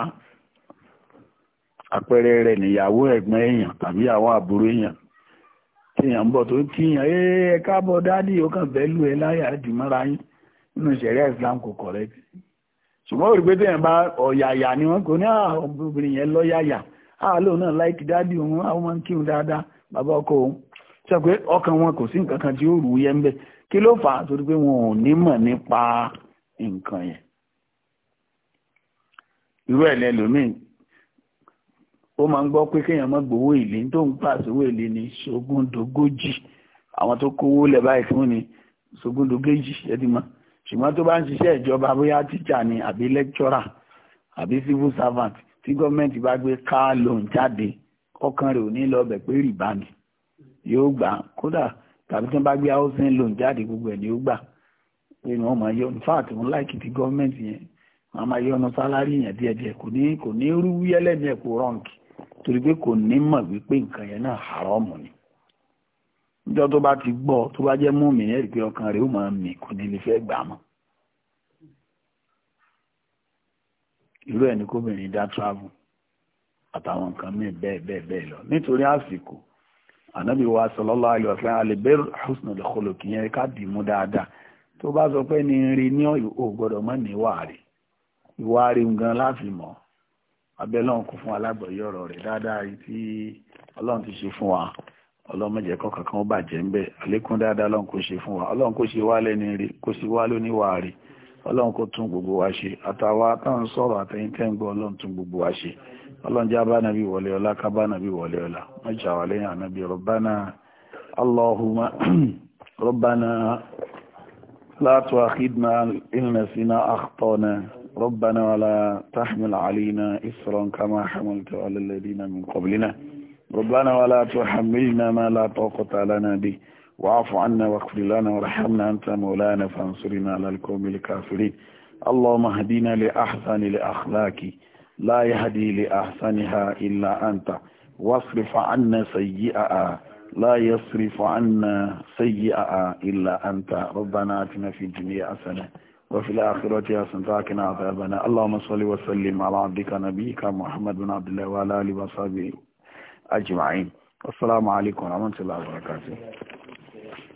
àpẹẹrẹ rẹ̀ nìyàwó ẹ̀gbọ́n èèyàn tàbí àwọn àbúrò èèyàn tíyàn ya bọ̀ tó tíyàn ẹ káàbọ̀ dádì ó kàn bẹ́lú ẹ láyà dìmọ́ra yín nínú ìṣẹ̀rí Islam kò correct ṣùgbọ́n ó rí pé tíyàn bá ọ̀yàyà ni wọ́n kò ní ah, obìnrin yẹn lọ́yàyà àlọ́ ah, náà láìkì òun àwọn ah, máa ń kírun dáadáa bàbá ọkọ òun pé ọkàn wọn kò sí nǹkan kan tí ó yẹn kí ló fà á torí pé wọn ò ní mọ̀ nípa nǹkan yẹn ó máa ń gbọ́ pé kéèyàn mọ́ gbowó èlé tó ń gbà sówó èlé ni ṣogúndógójì àwọn tó kówó lẹ̀ báyìí fún ni ṣogúndógójì ẹ̀dínmọ́ ṣùgbọ́n tó bá ń ṣiṣẹ́ ìjọba bóyá tíjà ni àbí lẹ́kítọ́rà àbí civil servant tí gọ́ọ̀mẹ̀ntì bá gbé car loan jáde ọkàn rẹ̀ ò ní lọ bẹ̀ pé rìbá ni yóò gbà kódà tàbí tí wọ́n bá gbé housing loan jáde gbogbo ẹ̀ ni yóò gbà pé wọ́n máa yọ in fact wọ́n láìkì tí yẹn wọ́n máa yọ ọ̀nà sálárì yẹn díẹ̀díẹ̀ kò ní kò ní rú yẹ́lẹ́mìí ẹ̀ kò rọ̀ǹkì torí pé kò ní mọ̀ wípé nǹkan yẹn náà haramu ni níjọ́ tó bá ti gbọ́ tó bá jẹ́ múmi ní ẹ̀rí pé ọkàn rẹ̀ ó máa mì kò ní lè fẹ́ gbà mọ́ irú ẹ̀ ní kóbìnrin dá travel àtàwọn nǹkan míì bẹ́ẹ̀ bẹ́ẹ̀ bẹ́ẹ̀ lọ nítorí àsìkò ànábì wa sallallahu alaihi wasallam al-birr husnul khuluq yẹn ká dì mú dáadáa tó bá sọ pé ní rí ní ò gbọ́dọ̀ mọ́ níwáàrí ìwáàrí gan láti mọ̀ abẹ́ lọ́run fún alágbọ̀yé ọ̀rọ̀ rẹ̀ dáadáa yìí tí ọlọ́run ti ṣe fún wa ọlọ́run má kan ó bàjẹ́ ń bẹ̀ ṣe fún wa ọlọ́run kò ṣe wá lẹ́ni rí kò ṣe wá tún gbogbo wa ṣe àtàwa táwọn sọ̀rọ̀ àtẹ̀yìn tún gbogbo wa ṣe ọlọ́run jẹ́ abánabi wọlé ọlá kábánabi wọlé ọlá jà wà lẹ́yìn rọ̀bánà allahumma rọ̀bánà látọ̀ ìrìnàṣínà àkọ́nà ربنا ولا تحمل علينا إسرا كما حملت على الذين من قبلنا ربنا ولا تحملنا ما لا طاقة لنا به واعف عنا واغفر لنا وارحمنا أنت مولانا فانصرنا على القوم الكافرين اللهم اهدنا لأحسن لأخلاقي لا يهدي لأحسنها إلا أنت واصرف عنا سيئها لا يصرف عنا سيئها إلا أنت ربنا آتنا في الدنيا حسنه وفي الآخرة يا وقنا عذابنا اللهم صل وسلم على عبدك نبيك محمد بن عبد الله وعلى آله وصحبه أجمعين والسلام عليكم ورحمة الله وبركاته